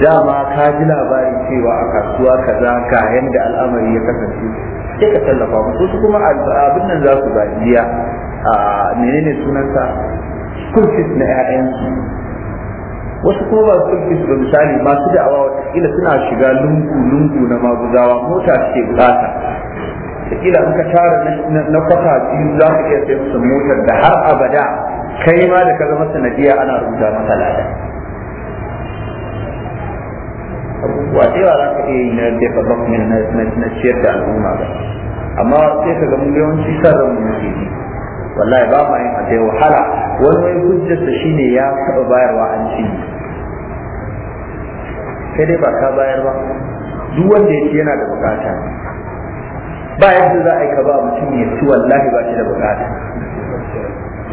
dama ka ji labarin cewa a kasuwa kaza ga yanda al'amari ya kasance sai ka tallafa musu su kuma abin nan za su gajiya a menene sunansa school na 'ya'yansu wasu kuma ba school fees ba misali masu da'awa wata kila suna shiga lungu-lungu na maguzawa mota suke bukata kila in ka tara na kwata biyu za ka iya sai musu motar da har abada kai ma da ka zama sanadiya ana rubuta masa lada abubuwa da yawa za ka iya yi na development na ciyar da al'umma ba amma sai ka ga mun yawanci sarran mu ke yi wallahi ba ma yin adai wahala wani wai hujjarsa shine ya taɓa bayarwa an ci sai dai ba ka bayar ba duk wanda ya yake yana da bukata ba yadda za a yi ka ba mutum ya ci wallahi ba shi da bukata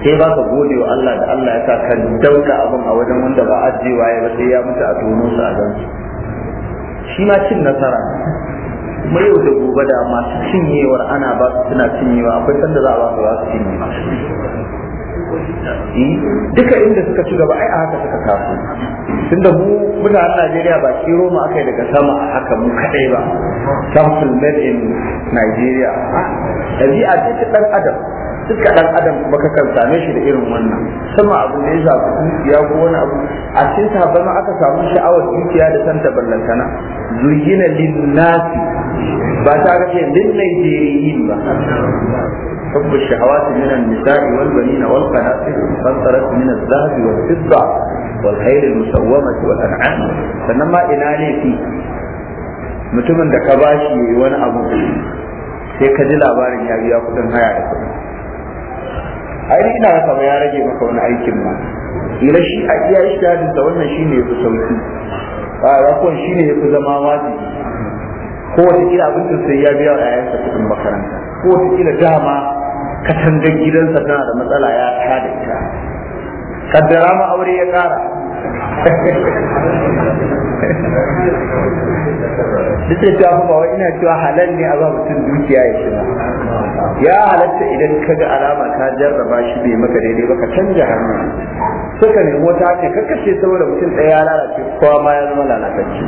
sai ba ka gode wa Allah da Allah ya sa ka dauka abin a wajen wanda ba ji waye ba sai ya mutu a tonon su a gan shi ma cin nasara kuma yau da gobe da masu cinyewar ana ba su suna cinyewa akwai sanda za a ba su ba su cinyewa Eh? duka inda suka ci gaba ai a haka suka kasu, tunda mu mutanen Najeriya ba kiro Roma akai daga sama a haka mu kadai ba sample made in Nigeria ɗabi'a a cikin ɗan adam duka ɗan adam kuma ka kan same shi da irin wannan sama abu ne ya ku ya go wani abu a cikin sahabbai ma aka samu sha'awar dukiya da santa ballantana zuyina nasi ba ta ga ce lin Najeriya ba حب الشهوات من النساء والبنين والقناطير المقنطرة من الذهب والفضة والخير المسومة والأنعام فنما إناني في mutumin da ka bashi wani abu sai ka ji labarin ya biya kudin haya da kudi ai ina rasa ba ya rage maka wani aikin ma ila shi a iya ishadin da wannan shine yafi sauki ba rakon shine yafi zama wajibi ko wata kila sai ya biya wa yayansa kudin makaranta ko dama katangar gidansa tana da matsala ya da ita kaddara ma aure ya kara duk da cewa ba wai ina cewa halal ne a ba mutum dukiya ya shiga ya halatta idan ka ga alama ka jarraba shi bai maka daidai ba ka canja hannu suka nemi wata ce kakkace saboda mutum ɗaya ya lalace kowa ma ya zama lalatacce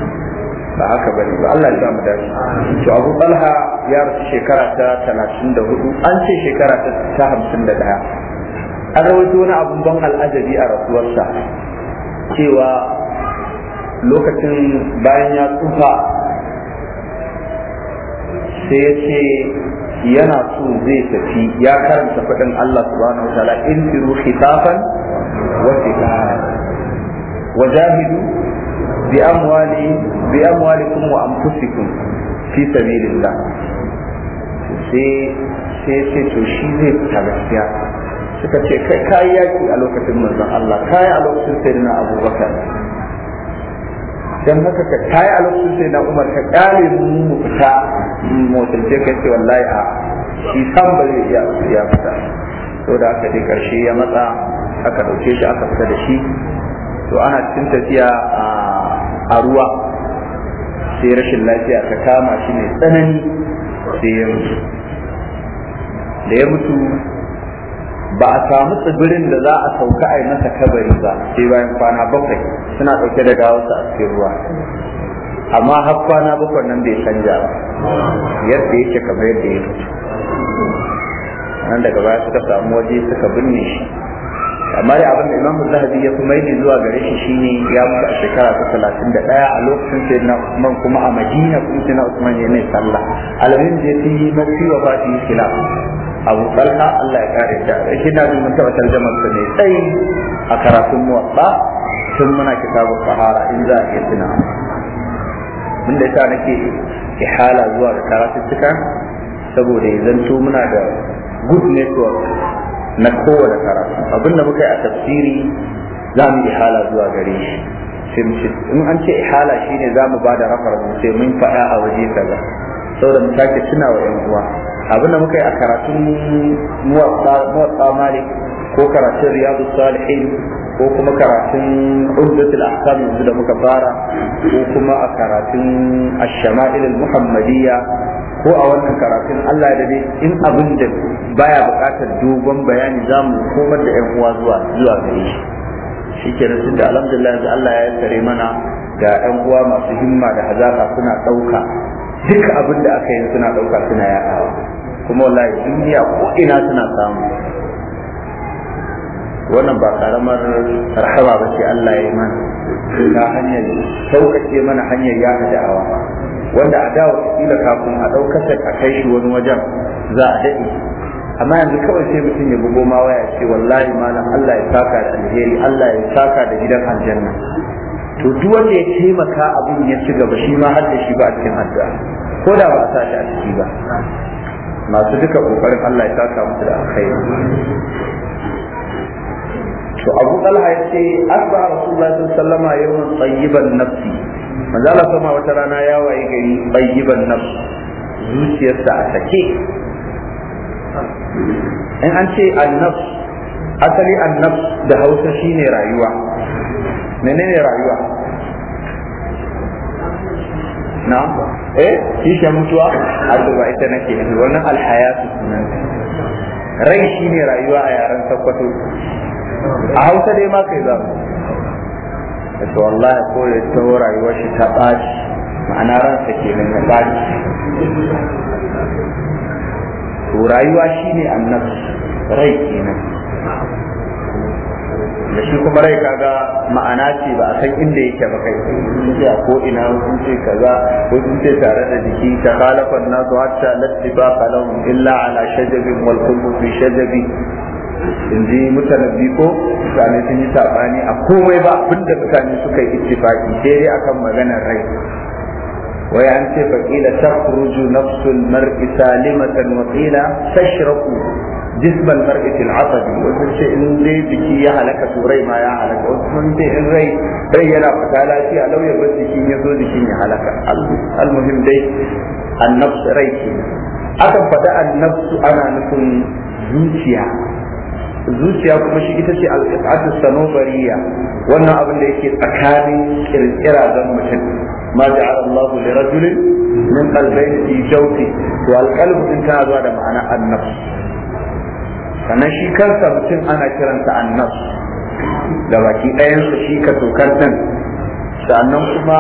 ba haka bane ba Allah ya mu dace to Abu Talha ya rasu shekara ta 34 an ce shekara ta 51 an rawaito wani abun ban al'ajabi a rasuwarsa cewa lokacin bayan ya tsufa sai ya ce yana so zai tafi ya karanta faɗin Allah subhanahu wa ta'ala in firu khitafan wa fitan wajahidu bi amwali bi amwalikum wa anfusikum fi sabilillah sai sai sai to shi zai fita gaskiya suka ce kai ka yi yaki a lokacin manzon Allah ka yi a lokacin sayyidina Abubakar dan haka ka kai a lokacin sayyidina Umar ka kare mu mu fita motsince kai ce wallahi a shi san ba zai iya ya fita da aka dai karshe ya matsa aka dauke shi aka fita da shi to ana cikin tafiya a ah, a ruwa sai rashin lafiya ta kama shi mai tsanani sai ya mutu da ya mutu ba a samu tsibirin da za a sauka a yi masa kabari ba sai bayan kwana bakwai suna ɗauke da gawarsa a cikin ruwa amma har kwana bakwai nan bai canja ba yadda yake kamar yadda ya mutu nan daga baya suka samu waje suka binne shi amma dai abin da imamu zahabi ya kuma yi zuwa gare shi shine ya mutu a shekara ta talatin da ɗaya a lokacin sai na usman kuma a madina kuma sai na usman ya mai sallah alamin da ya fi mafi wa ba su yi kila abu talha allah ya kare da shi na bin mutuwa tarjamar sa mai tsayi a karatun muwaffa tun muna kitabun sahara in za a iya suna. mun da yasa nake ihala zuwa da karatuttuka saboda ya zanto muna da good network na kowane abin da muka yi a tafsiri za mu ihala zuwa gare shi in an ce ihala shine za mu ba da rafar mu sai mun faɗa a waje kaza saboda mu sake tuna wa 'yan uwa abinda muka yi a karatun muwatsa malik ko karatun riyadu salihin ko kuma karatun umdatul ahkam yanzu da muka fara ko kuma a karatun ash-shama'il al-muhammadiyya ko a wannan karatun Allah da dai in abin da baya buƙatar dogon bayani za mu komar da 'yan uwa zuwa zuwa gare shi shi ke nan da alhamdulillah yanzu Allah ya tsare mana ga 'yan uwa masu himma da hazaka suna ɗauka duk abin da aka yi suna ɗauka suna yaɗawa kuma wallahi duniya ko ina suna samu wannan ba karamar rahama ba ce Allah ya yi mana ta hanyar sauƙaƙe mana hanyar yaɗa da'awa wanda a dawo kila kafin a ɗaukasa a kai shi wani wajen za a daɗe amma yanzu kawai sai mutum ya bugo ma waya ce wallahi malam Allah ya saka da alheri Allah ya saka da gidan aljanna to duk wanda ya taimaka abin ya ci gaba shi ma hadda shi ba a cikin hadda ko da ba a sa shi a ciki ba masu duka kokarin Allah ya saka musu da alkhairi to Abu Talha ya ce asba Rasulullahi sallallahu alaihi wasallam yawan tayyiban nafsi manzo Allah sama wata rana ya waye gari ban nan zuciyarsa a sake in an ce annab asali annab da hausa shine rayuwa menene rayuwa na eh shi ke mutuwa a ba ita nake nufi wannan alhayatu sunan rai shine rayuwa a yaren sakwato a hausa dai ma kai za mu yace wallahi ko ya ta rayuwar shi ta ɓaci ma'ana ransa ke nan ya ɓaci to rayuwa ne annabi rai kenan da shi kuma rai kaga ma'ana ce ba a san inda yake ba kai sun ce a ko ina sun ce kaza ko sun ce tare da jiki ta zuwa nasu hatta ba kalahum illa ala shajabin wal kullu fi shajabi in ji mutanabbi ko mutane sun yi sabani a komai ba abinda mutane suka yi ittifaki sai dai akan maganar rai wai an ce faƙila takhruju nafsul mar'i salimatan wa qila tashraqu jisman mar'i fil asabi wasu ce in dai jiki ya halaka to rai ma ya halaka wasu sun ce in rai rai yana fita lafiya lauya ba jikin ya zo jikin ya halaka almuhim dai an annafs rai ke. akan faɗa annafsu ana nufin zuciya zuciya kuma shi ita ce alƙasatu sanobariya wannan abin da yake tsakanin kirkira zan mutum ma ja'ala Allah li rajulin min qalbayn fi jawfi to alqalbu din tana zuwa da ma'ana annafs sannan shi kansa mutum ana kiransa annafs da baki ɗayan su shi ka tokar nan. sannan kuma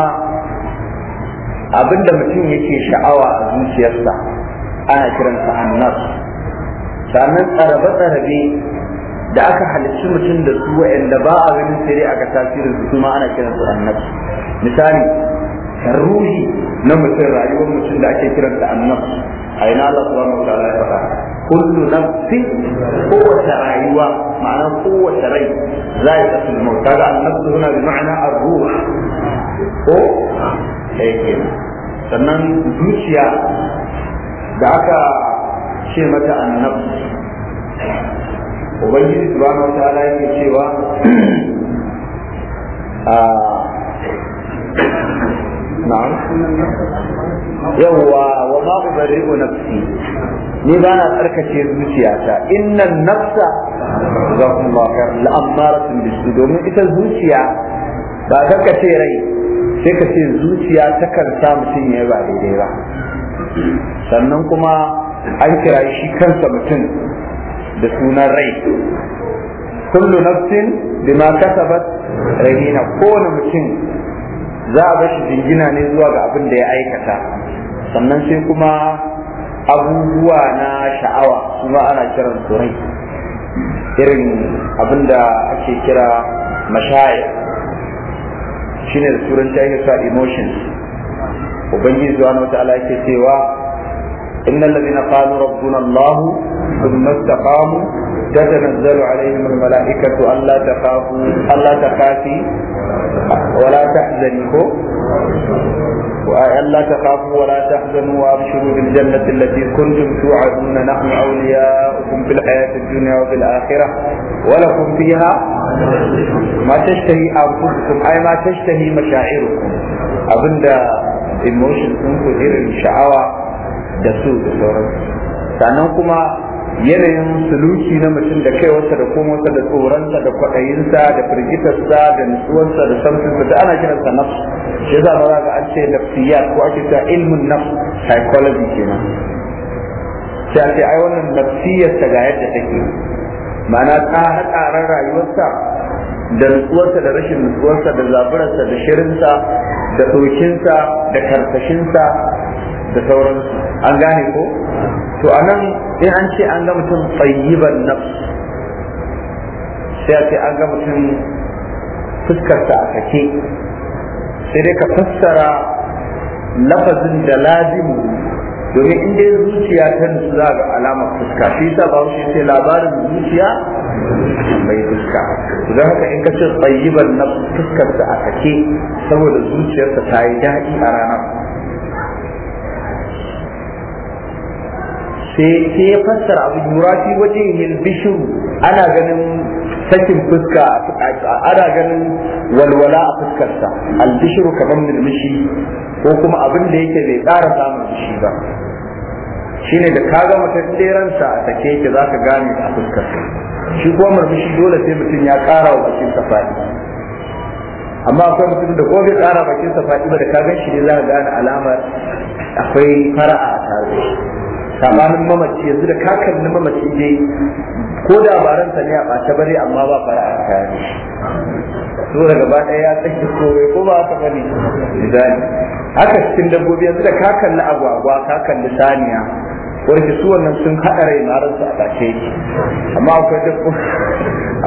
abin da mutum yake sha'awa a zuciyarsa ana kiransa annafs sannan tsarabe-tsarabe da aka halicci mutum da su wa'anda ba a ganin sai aka tasirin su kuma ana kiran su annabi misali ruhi na mutum rayuwar mutum da ake kiran da annabi a ina Allah subhanahu wa ta'ala ya faɗa kullu nafsin kowace rayuwa ma'ana kowace rai za ya tafi mauta ga annabi suna da ma'ana ar-ruh ko yake sannan zuciya da aka ce mata annabi ubangiji subhanahu wa ta'ala yake cewa a ah, na'am yawwa wa ma ubari'u nafsi ni ba na tsarkace zuciyata innan nafsa jazakumullahu khair la'amaratun bisu domin ita zuciya ba karkace rai sai ka ce zuciya takan sa mutum ya ba daidai ba sannan kuma an kira shi kansa mutum da sunan rai kullu nafsin bima kasabat rahina kowane mutum za a bashi jingina ne zuwa ga abin da ya aikata sannan sai kuma abubuwa na sha'awa kuma ana kiran su rai irin abin da ake kira mashaya shine da turanci ake sa emotions ubangiji zuwa wata ala yake cewa إن الذين قالوا ربنا الله ثم استقاموا تتنزل عليهم الملائكة ألا تخافوا ألا تخافي ولا تحزني ألا تخافوا ولا تحزنوا وأبشروا بالجنة التي كنتم توعدون نحن أولياؤكم في الحياة الدنيا وفي الآخرة ولكم فيها ما تشتهي أنفسكم أي ما تشتهي مشاعركم أبدا emotions ɗinku irin الشعوى da su da sauran sannan kuma yanayin suluki na mutum da kaiwarsa da wasa da tsoronsa da kwaɗayinsa da firgitarsa da nutsuwarsa da samfinsa da ana sa nafs shi za ba ga an ce nafsiyat ko ake ta ilmin nafs psychology kenan sai a ce ai wannan nafsiyarsa ga yadda take ma'ana ta ran rayuwarsa da nutsuwarsa da rashin nutsuwarsa da zaburarsa da shirinsa da ɗaukinsa da karkashinsa da sauransu an gane ko to anan in an ce an ga mutum tsayyiban nafs sai a ce an ga mutum fuskarsa a kake sai dai ka fassara lafazin da lazimu domin in dai zuciya ta nutsu za ga alamar fuska shi yasa ba shi sai labarin zuciya mai fuska don haka in ka ce tsayyiban na fuskarsa a kake saboda zuciyarsa ta yi daɗi a ranar sai ya fassara abu yurafi waje yin bishiru ana ganin sakin fuska ana ganin walwala a fuskarsa albishiru kamar murmushi ko kuma abin da yake bai tsara samun shi ba shine da ka gama tatteransa a sake ki za ka gane a fuskarsa shi kuma murmushi dole sai mutum ya ƙara wa bakin sa faɗi amma akwai mutum da ko bai ƙara bakin sa faɗi ba da ka gan shi ne za ka gane alamar akwai fara'a a tare sabanin mamaci yanzu da kakan na mamaci dai ko da sa ne a bace bare amma ba fara a tare so daga ba ɗaya ya tsaki kore ko ba ka bane idan haka cikin dabbobi yanzu da kakan na agwagwa kakan kalli saniya warke su wannan sun haɗa rai na ransu a sace yake amma akwai dabba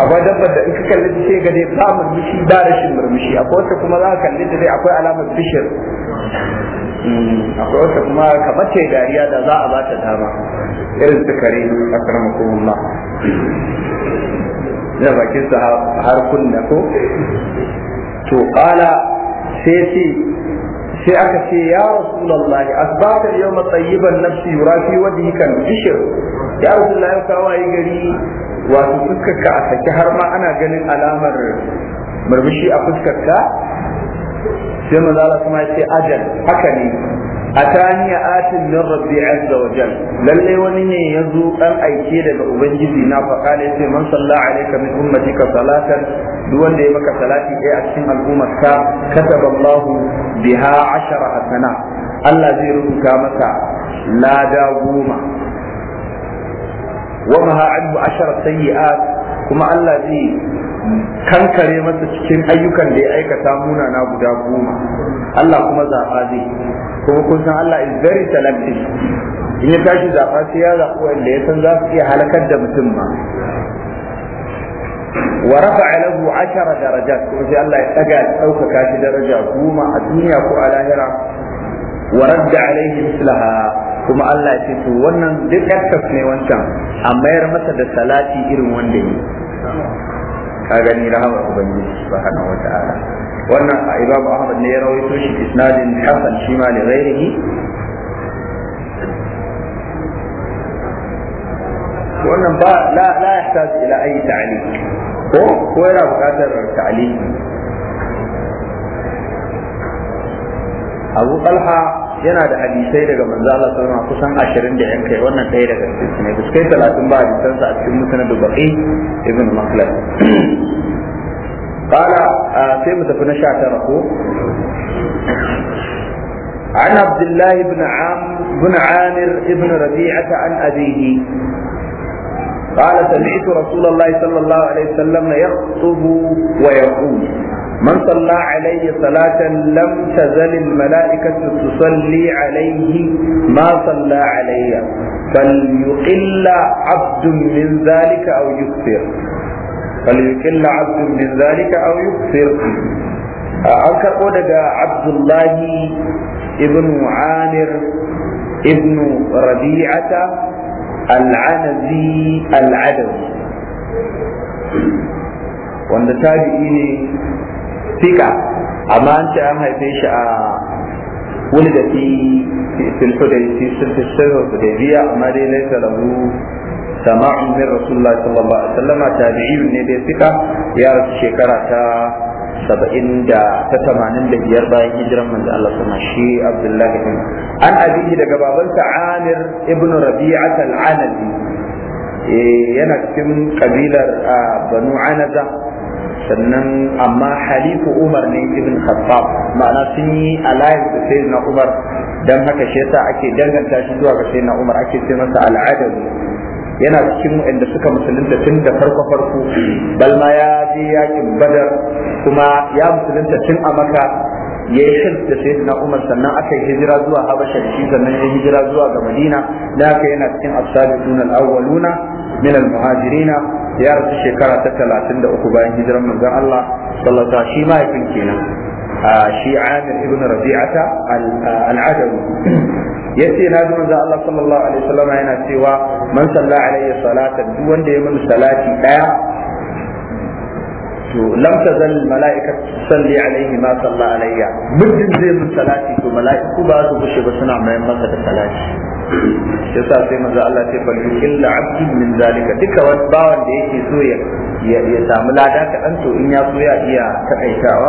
akwai dabba da in ka kalli ta sai ga dai ba murmushi ba rashin murmushi akwai wata kuma za ka kalli ta dai akwai alamar bishir hmm, akwai wata kuma kamar ce dariya da za a ba ta dama irin su kare a ma da bakin sa har kunna ko to ƙala sai ce sai aka ce ya rasulullah asbaka al-yawma tayyiban nafsi yurafi wajhika kan bishr ya rasulullah ka waye gari wato fuskarka a har ma ana ganin alamar murmushi a fuskarka sai manzo Allah ce ajal haka ne atani atin min rabbi azza wa jal lalle wani ne ya zo dan aike daga ubangiji na fa kale sai man salla alayka min ummatika salatan duk wanda ya maka salati ɗaya a cikin al'ummar ka kataba Allah biha ashara Allah zai rubuta maka lada goma wa maha anhu kuma Allah zai kankare masa cikin ayyukan da ya aikata na guda goma Allah kuma zaɓa zai kuma kun san Allah is very selective in ya tashi zaɓa sai ya zaɓi wanda ya san za su iya halakar da mutum ma wa rafa'a ashara 10 darajat kuma sai Allah ya daga ya ɗaukaka shi daraja goma a duniya ko a lahira wa radda alaihi mislaha kuma Allah ya ce to wannan duk excess ne wancan a mayar masa da salati irin wanda yi ka gani rahamar ubangiji subhanahu wata'ala wannan a ibabu ahmad ne ya rawaito shi isnadin hasan shi ma li ghairihi wannan ba la la yahtaju ila ayi ta'liq ko ko yana buƙatar ta'liq Abu Talha yana da hadisai daga manzo Allah sallallahu alaihi kusan 20 da yan wannan ɗaya daga cikin ne biskai 30 ba hadisan sa a cikin musnad baqi ibn makhlad qala sai mu tafi na 19 ko عن عبد الله بن عام بن عامر بن ربيعة عن أبيه قال سمعت رسول الله صلى الله عليه وسلم يخطب ويقول من صلى عليه صلاة لم تزل الملائكة تصلي عليه ما صلى علي فليقل عبد من ذلك أو يكثر فليقل عبد من ذلك أو يكثر أنكر أودك عبد الله ابن عامر ابن ربيعة العنزي العدوي wanda tabi'i ne fika amma an ce an haife shi a wani da fi filfo da fi amma dai laisa rasulullah sallallahu alaihi wasallam ne dai fika ya rasu shekara ta saba'in da ta tamanin da biyar bayan hijiran manzo Allah sama shi Abdullahi ibn an abihi daga babansa Amir ibn Rabi'at al yana cikin kabilar Banu Anaza sannan amma halifu umar ne ibn khattab ma'ana sun yi alayin da sai na umar dan haka shi yasa ake danganta shi zuwa ga sai na umar ake ce masa al'adabi yana cikin wanda suka musulunta tun da farko farko balma ya je ya badar kuma ya musulunta tun a maka ya yi shirk da sai na umar sannan aka yi hijira zuwa habasha da shi sannan ya hijira zuwa ga madina da haka yana cikin asabi sunan awwaluna min al-muhajirina ya rasu shekara ta 33 bayan hijiran manzon Allah sallallahu alaihi shi mahaifin kenan shi Amir ibn Rabi'ata al-Adawi yace na ji manzon Allah sallallahu alaihi wasallam yana cewa man salla alayya salatan duk wanda ya mana salati ɗaya. to lam tazal mala'ika salli alaihi ma salla alayya muddin zai mun salati to mala'iku ba su bushe ba suna mayan masa da salati yasa sai manzo Allah ce fa illa abdi min zalika duka wani bawan da yake so ya ya samu lada kaɗan to in ya so ya iya takaitawa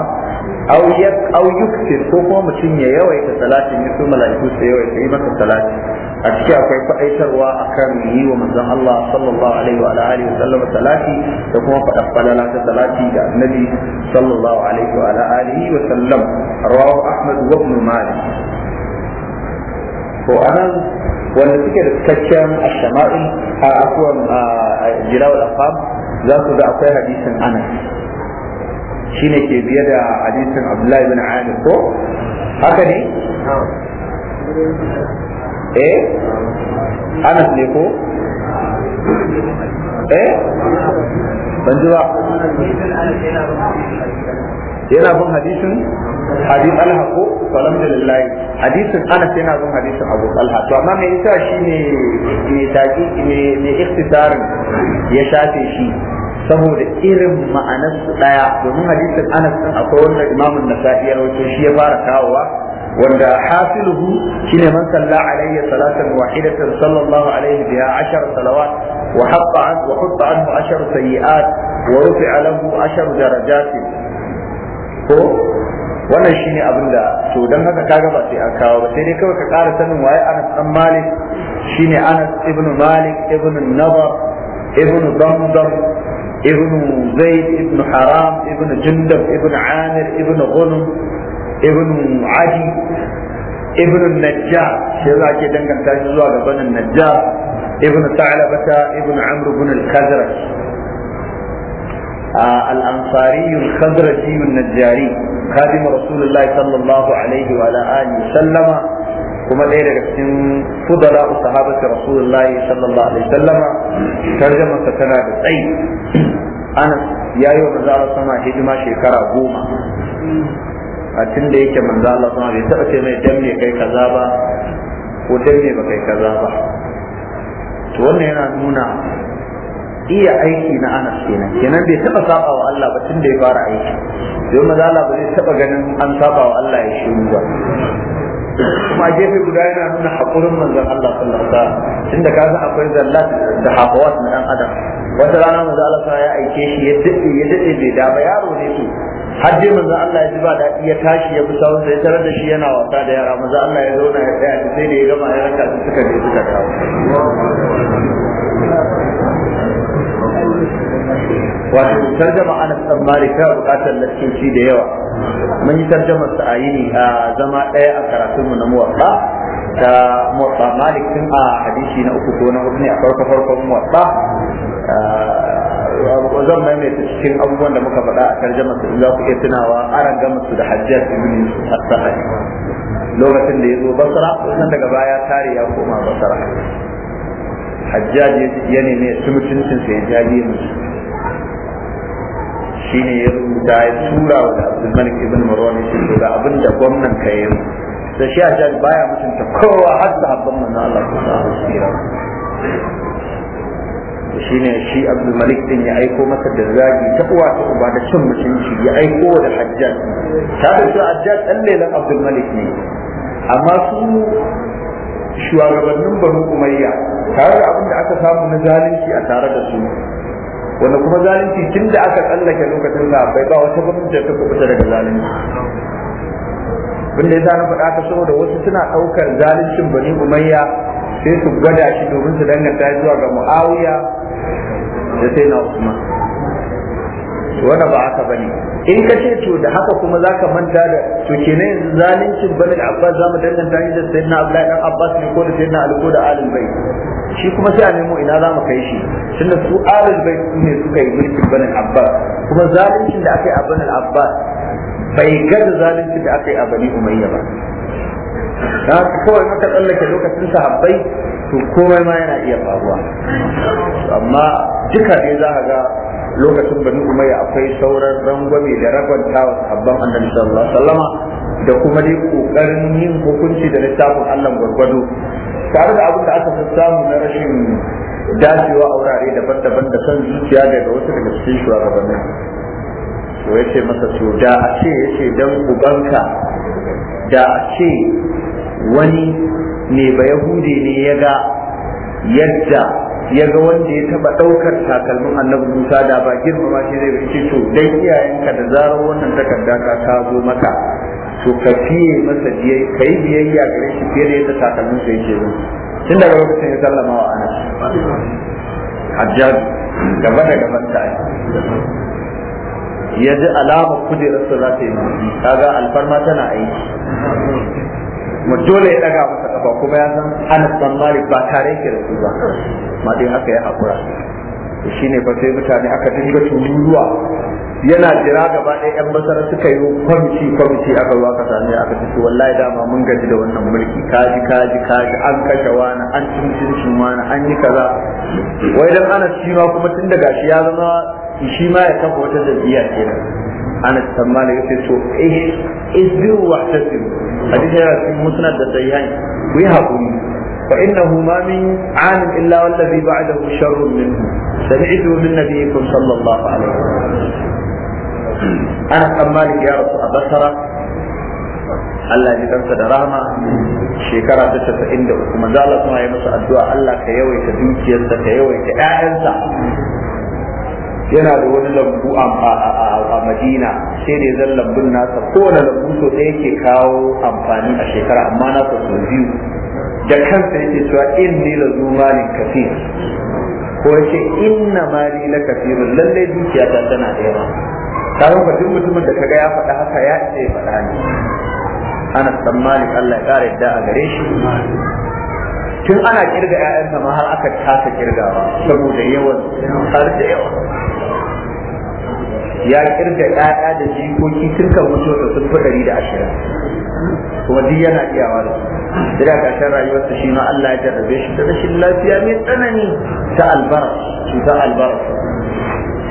aw yak aw yuktir ko kuma mutum ya yawaita salati ya so mala'iku sai yawaita yi masa salati a ciki akwai a kan yi wa manzon Allah sallallahu alaihi wa alihi wa sallam salati da kuma faɗa falala ta salati da annabi sallallahu alaihi wa alihi wa sallam rawahu Ahmad wa Ibn Malik to anan wanda suke da cikakken ashama'il a akwai da fam za su ga akwai hadisin anas shine ke biye da hadisin abdullahi bin amir ko haka ne eh anas ne ko eh ban ji ba yana bin hadisin hadis alha ko alhamdulillah hadisin anas yana bin hadisin abu talha to amma me yasa shi ne ne taki ne ne ikhtisar ya shafe shi saboda irin ma'anar su daya domin hadisin anas akwai wanda imamun nasa'i ya rawaito shi ya fara kawowa wanda hasiluhu shine man salla alayya salatan wahidatan sallallahu alayhi biha ashar salawat wa hatta an wa hutta anhu ashar sayiat wa rufi'a lahu ashar darajat ko wannan shine abin da to dan haka kaga ba sai an kawo ba sai dai kawai ka ƙara sanin waye Anas dan Malik shine Anas ibn Malik ibn Nadar ibn Damdam ابن زيد ابن haram ابن جندب ابن عامر ابن غنم ibn adi ibn najjar sai za ke danganta shi zuwa gaban najjar ibn ta'labata ibn amr ibn al-khazraj al-ansari al-khazraji Ibn najjari khadim rasulullahi sallallahu alaihi wa ala alihi sallama kuma ɗaya daga cikin fudala sahabati rasulullahi sallallahu alaihi sallama tarjama tana da tsayi anas ya yi wa manzo sama hidima shekara goma a tun da yake manzo Allah sun bai taɓa ce mai dan ne kai kaza ba ko dan ne ba kai kaza ba to wannan yana nuna iya aiki na Anas kenan kenan bai taɓa saba wa Allah ba tun da ya fara aiki don manzo Allah ba zai taɓa ganin an saba wa Allah ya shiru ba kuma a gefe guda yana nuna haƙurin manzon Allah sallallahu alaihi wasallam tunda kaga akwai zallat da haqawat na dan adam wata rana manzon Allah ya aike shi ya dade ya dade bai da ba yaro ne to har dai manzo Allah ya ji ba daɗi ya tashi ya fita wanda ya tarar da shi yana wasa da yara manzo Allah ya zauna ya tsaya sai da ya gama ya raka su suka je suka dawo wato tarjama Anas dan ta bukatar lakcoci da yawa mun yi tarjamar sa a yini a zama ɗaya a karatun mu na muwatta ta Malik tun a hadisi na uku ko na hudu ne a farko farkon muwatta ah, zan maimaita cikin abubuwan da muka faɗa a tarjama su za ku iya tunawa aran ga musu da hajjar ibn yusuf sahari lokacin da ya zo basra sannan daga baya tare ya koma basra hajjaj ya nemi ya ci mutuncin sa ya jaje musu shine ya rubuta ya tura wa da abdulmalik ibn marwan ya ce da abin da gwamnan ka yi da shi hajjaj baya mutunta kowa har sahabban manzon Allah sallallahu sa wasallam ne shi Abdul Malik din ya aiko masa da zagi ta uwa ta uba da cin mutunci ya aiko da hajjar ta da shi hajjar ɗan lelan Abdul Malik ne amma su shugabannin Banu Umayya tare da abin da aka samu na zalunci a tare da su wanda kuma zalunci tun da aka tsallake lokacin da bai ba wata gwamnati ta kubuta daga zalunci wanda ya na faɗa ka saboda wasu suna ɗaukar zaluncin Bani Umayya sai su gwada shi domin su danganta zuwa ga Muawiya da sai na kuma wanda ba haka bane in ka ce to da haka kuma zaka manta da to kenan yanzu zalincin bani Abbas zamu danganta shi da sayyidina Abdullahi dan Abbas ne ko da sayyidina Ali ko da alim bai shi kuma sai a nemo ina zamu kai shi tunda su alim bai ne suka yi mulkin bani Abbas kuma zalincin da aka yi a bani Abbas bai gaza zalincin da aka yi a bani Umayya ba da haka kowai maka tsallake lokacin sahabbai to komai ma yana iya faruwa amma duka ne za a ga lokacin bani umayya akwai sauran rangwame da ragwanta sahabban annabi sallallahu alaihi wasallama da kuma dai kokarin yin hukunci da littafin Allah gwargwado tare da abin da aka samu na rashin dacewa a wurare daban-daban da son zuciya daga wasu daga cikin shugabannin to yace masa to da a ce yace dan ubanka da ce wani ne ba yahude ne ya ga yadda ya ga wanda ya taba daukar takalmin annabi musa da ba girmama shi zai ce to dan iyayenka da zarar wannan takarda ka ta maka to ka fiye masa biyayya kai yi biyayya gare shi fiye da yadda takalmin sa yake zo tun daga lokacin ya sallama wa anas hajjaj gaba da gaban ta ya ji alama kujerarsa za ta yi kaga alfarma tana aiki mu dole ya daga masa kafa kuma ya san Anas bin Malik ba tare yake da su ba ma dai aka yi hakura ne fa sai mutane aka dinga tururuwa yana jira gaba ɗaya yan masara suka yi kwamci kwamci aka zo aka sami aka tafi wallahi dama mun gaji da wannan mulki kaji kaji kaji an kashe wani an cin cin wani an yi kaza wai dan ana shi ma kuma tun daga shi ya zama shi ma ya kafa wata jam'iyya kenan Anas Tammala yace to eh izbiru wa tasiru hadisi yana cikin musnad da sahihan ku yi hakuri fa innahu ma min an illa wallazi ba'dahu sharrun minhu sami'tu min nabiyyikum sallallahu alaihi wasallam ana tsammanin ya rasu a basara Allah ya kansa da Rahma, shekara ta casa'in da uku manzo Allah kuma ya masa addu'a Allah ka yawaita dukiyarsa ka yawaita ƴaƴansa yana da wani lambu a Madina sai ne zan lambun nasa kowane lambu so ɗaya yake kawo amfani a shekara amma nasa ko biyu da kansa yake cewa in ni la zumalin kafir ko yake inna mali la kafirun lallai dukiyata tana da yawa kaga ko duk mutumin da kaga ya faɗa haka ya ce faɗa ne Anas tsammani Allah ya kare yadda a gare shi tun ana kirga ƴaƴansa ma har aka kasa kirgawa saboda yawan har da yawa ya kirga ƴaƴa da jikoki tun kan mutuwa sun fi ɗari da ashirin kuma duk yana iyawa da su da ƙarshen rayuwarsa shi ma Allah ya jarrabe shi da rashin lafiya mai tsanani ta albar cutar albar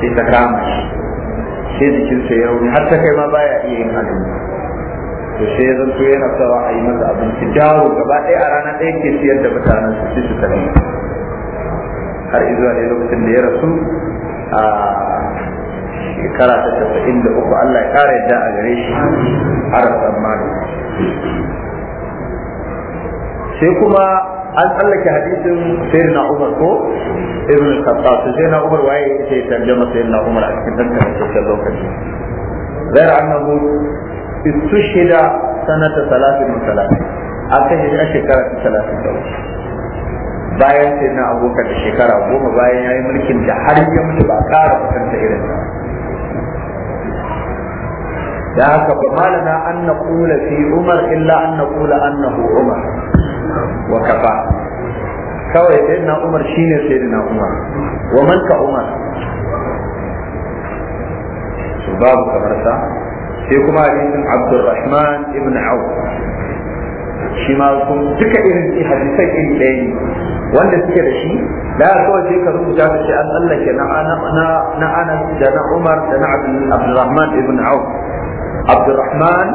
sai ta kama shi sai jikinsa ya rauni har ta kai ma baya iya yin azumi to sai ya zanto yana sawa a yi masa abinci dawo gaba ɗaya a rana ɗaya ke siyar da mutanen su su tafi har izuwa ne lokacin da ya rasu a shekara ta tafi da uku Allah ya kara yadda a gare shi har rasan sai kuma an tsallake hadisin sai na Umar ko ibn su sai na Umar waye tambaye masa yin na Umar a cikin tantancen lokaci zai ra'an na shida غير أنه استشهد a kan yi a shekara ta الشكرة da wasu bayan sai na abokan da shekara goma bayan ya yi mulkin da har yi mutu ba kara kusanta irin sa da haka ba malana an na kula fi umar illa an na kula an na umar wa kawai sayyidina umar shine sayyidina umar wa man umar babu kamar sa sai kuma hadisin abdurrahman ibn auf shi duka irin iri ɗaya ne wanda suke da shi da ya kawai sai ka rubuta ka ce an tsallake na anas da na umar da na abdurrahman ibn auf عبد الرحمن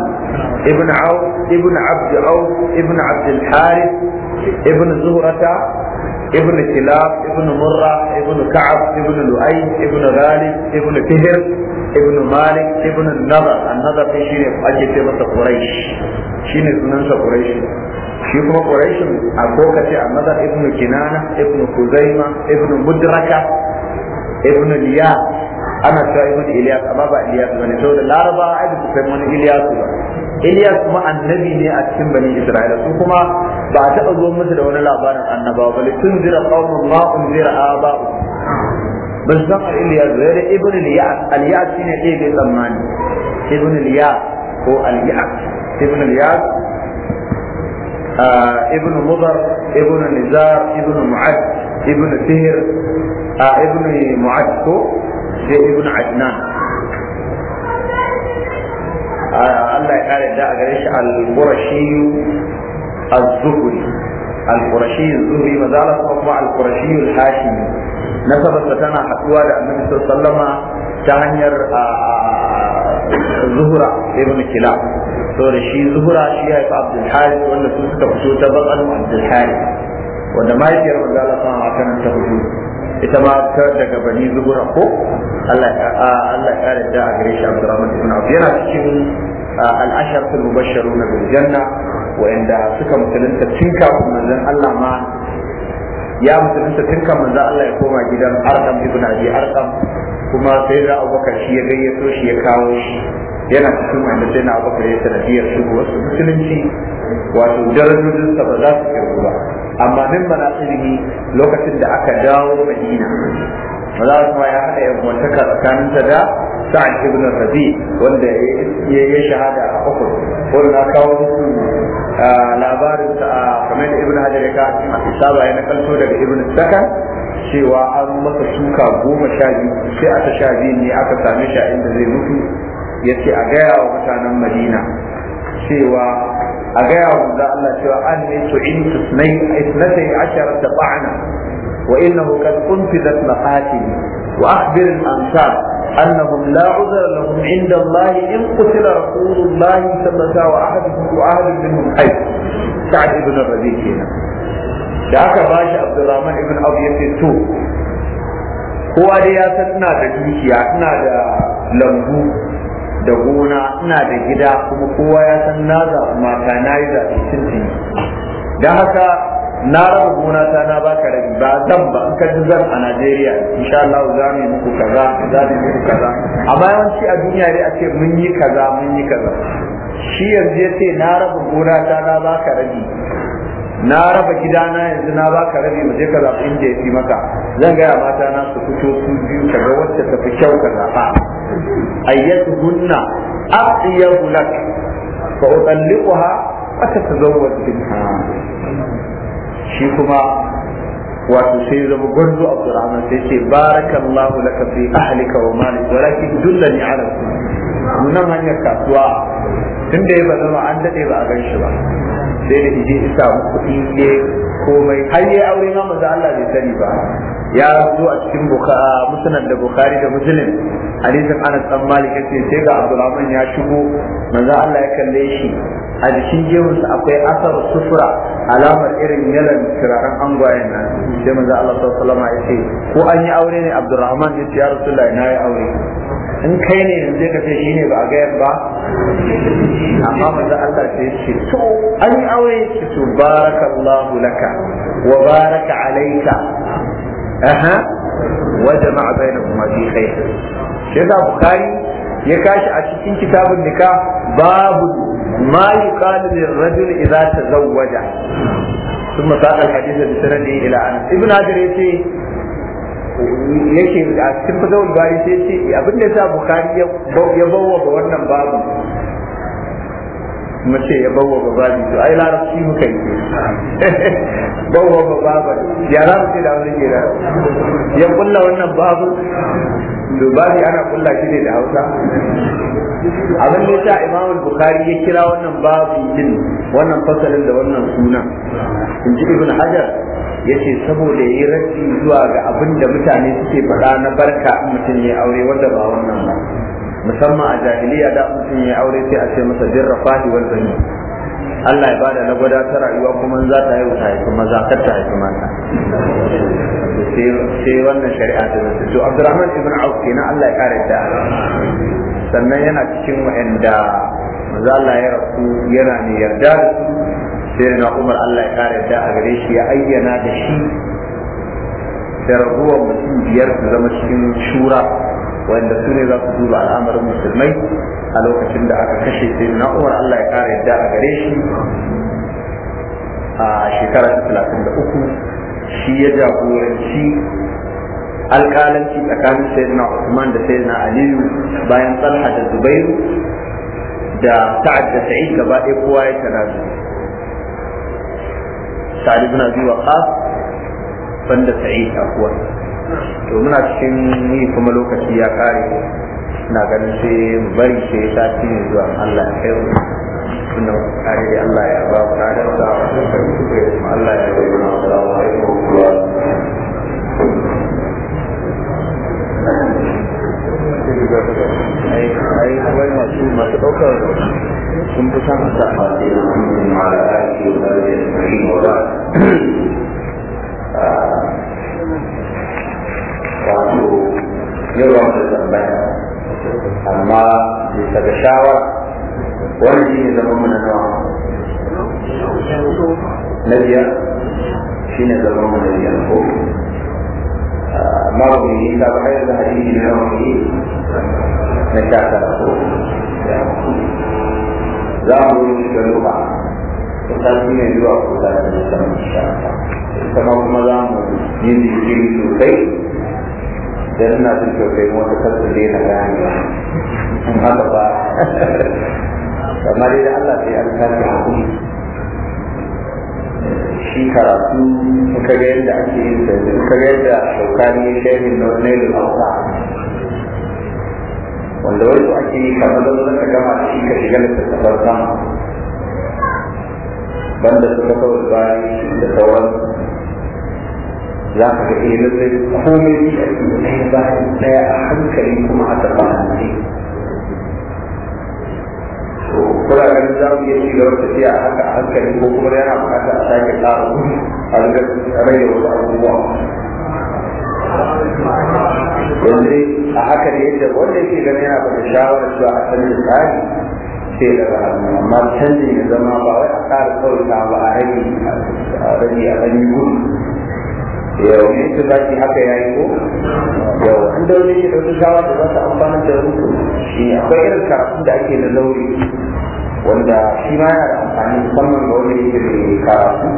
ابن عوف ابن عبد عوف ابن عبد الحارث ابن زهرة ابن كلاب ابن مرة ابن كعب ابن لؤي ابن غالب ابن كهر ابن مالك ابن النظر النظر في شيء أجل في قريش شيء سننسى قريش shi kuma قريش a kokace a mazar ibn kinana ibn kuzaima ibn mudraka ibn ana cewa ibn Ilyas amma ba Ilyas bane saboda Laraba ai ba su wani Ilyas ba Ilyas kuma annabi ne a cikin bani Isra'ila su kuma ba a taɓa zuwa musu da wani labarin annabawa ba tun jira qaumun ma unzira aba ban san Ilyas ibn Ilyas Ilyas shine bai tsammani ibn Ilyas ko Ilyas ibn Ilyas ابن مضر ابن نزار ابن معد ابن فهر ابن معد sai ibn adnan Allah ya kare da a gare shi al-qurashi az-zuhri al-qurashi az-zuhri maza Allah kuma al-qurashi al-hashimi nasabarsa tana haduwa da annabi sallama ta hanyar zuhra ibn kilab da shi zuhra shi ya haifa abdul harith wanda su suka fito ta bakan abdul harith wanda mahaifiyar manzo Allah sallallahu alaihi wasallam ta fito ita ma daga bani zubura ko Allah ya kare da a gare shi Abdurrahman ibn Auf yana cikin al'ashar sun mubasharu na biljanna wa'anda suka musulunta tun kafin manzon Allah ma ya musulunta tun kan manzon Allah ya koma gidan Arqam ibn Abi Arqam kuma sai da Abubakar shi ya gayyato shi ya kawo shi yana cikin wanda sai na Abubakar ya sanadiyar shigo wasu musulunci wato darajojinsa ba za su kirgu ba amma min manasirihi lokacin da aka dawo madina maza su ya haɗa yan tsakanin tsakaninta da sa'ad ibn rabi wanda ya yi shahada a uku wanda na kawo musu labarin sa a kamar da ibn hajar ya a cikin saba ya nakalto daga ibn sakan cewa an masa suka goma sha biyu sai aka sha biyu ne aka sami shi a inda zai mutu ya ce a gaya wa mutanen madina cewa a gaya wa manzo Allah cewa an ne to in tusnai isnatai asharata ba'na wa innahu أنهم لا عذر لهم عند الله إن قتل رسول الله صلى الله عليه وسلم وأحد منهم حي سعد بن الربيع هنا da aka ba shi abdurrahman ibn abu ya ce to kowa dai ya san ina da dukiya ina da lambu da gona ina da gida kuma kowa ya san na zaɓi mata na yi zaɓi cin don haka na raba gona ta na baka rabi ba zan ba in ka zan a Najeriya insha Allah za mu yi muku kaza za mu yi muku kaza amma yawanci a duniya dai a ce mun yi kaza mun yi kaza shi yanzu ya ce na raba gona ta na baka rabi na raba gidana yanzu na baka rabi mu je ka zaɓi inda ya fi maka zan gaya mata na su fito su biyu kaza wacce ta fi kyau ka zaɓa ayyatuhunna atiyahu لك fa utalliquha wa tatazawwaj biha shi kuma wato sai zama gwanzo Abdurrahman sai ce barakallahu laka fi ahlika wa malik walakin ni ala sunnah hanyar kasuwa da ya zama an dade ba a gan shi ba sai da ije isa kuɗi ne komai har yayi aure ma maza Allah bai sani ba ya zo a cikin musnad da bukhari da muslim hadisin anas dan malik yace sai ga abdurrahman ya shigo manzo Allah ya kalle shi a jikin jehunsa akwai asar sufura alamar irin yalan turaren angwayen nan sai manzo Allah sallallahu alaihi wasallam ya ko an yi aure ne abdurrahman ya ce ya rasulullahi na yi aure in kai ne yanzu ka ce ne ba a gayar ba Allah to an yi aure wa baraka aha wa jama'a bainahuma fi khair shi yasa ya kashi a cikin kitabun nika babu ma yuqalu lirrajul idza tazawwaja ثم ساق الحديث بسنده الى انس ابن حجر يتي yake a cikin fasahar bari sai ce abin da sa bukari ya bawa ba wannan babu kuma ce ya bawa ba babi to ai larabci muka yi bawa ba baba ya za mu ce da wani gida ya kulla wannan babu to ana kulla shi ne da hausa abin da ya imamu bukhari ya kira wannan babu din wannan fasalin da wannan sunan in ji ibn hajar ce saboda ya yi rashi zuwa ga abin da mutane suke faɗa na barka mutum ya aure wanda ba wannan ba musamman a jahiliya da mutum ya aure sai a ce masa dirra fahi wal bani Allah ya bada lagwada ta rayuwa kuma za ta haihu ta haifi maza kar ta haifi mata sai wannan shari'a ta zai to Abdurrahman ibn Auf kenan Allah ya kare da sannan yana cikin wa'anda maza Allah ya rasu yana ne yarda da su sai na Umar Allah ya kare da a gare shi ya ayyana da shi da raguwar mutum biyar su zama cikin shura wanda su ne za su duba al'amarin musulmai a lokacin da aka kashe sai na umar Allah ya kara yadda a gare shi a shekara ta talatin da uku shi ya jagoranci alƙalanci tsakanin sayyidina Usman da sayyidina Aliyu bayan Talha da Zubairu da Sa'ad da Sa'id gaba ɗaya kowa ya tanazu Sa'ad ibn Abi Waqqas banda Sa'id akuwa to muna cikin yi kuma lokaci ya kare na ganin sai mu bari sai sati ne zuwa Allah ya kai mu kare da Allah ya ba mu da Allah ya kai mu da wato yawan da tambaya amma bisa ga shawara wani shi ne zama mana nawa na biya shi ne zama mana biyar ko amma mu yi ta bayar da hadisi na yawan yi na sha tara ko za mu yi shiga lupa kusa shi ne zuwa kusa da musamman sha ita kuma za mu yi jikin sosai dan ina jin tausayin wata kansu daina gane haka ba kamar da Allah sai an sake hakuri shi karatu in ka ga yadda ake yin da in ka ga yadda saukani ya shaidin na wani da hausa wanda wani ake yi kamar da zan ka gama shi ka shiga da tattabar sama banda suka kawai bayan da sauransu za ka ga eh lallai komai bi a cikin bayan ɗaya a hankali kuma a ta a ne to kuna ganin za mu iya ci tafiya a haka a hankali ko kuma yana bukata a sake tsara a rage wasu abubuwa yanzu a haka ne yadda wanda yake ganin yana bada shawarar cewa a canza tsari sai da ba amma canjin ya zama ba wai a ƙara kawai ba a rage a rage a yi gudu yau ne su zaki haka ya yi ko yau an daure shi da gawa da za su amfana da rufu shi akwai irin karatu da ake da lauri wanda shi ma yana da amfani musamman ga wani yake da karatu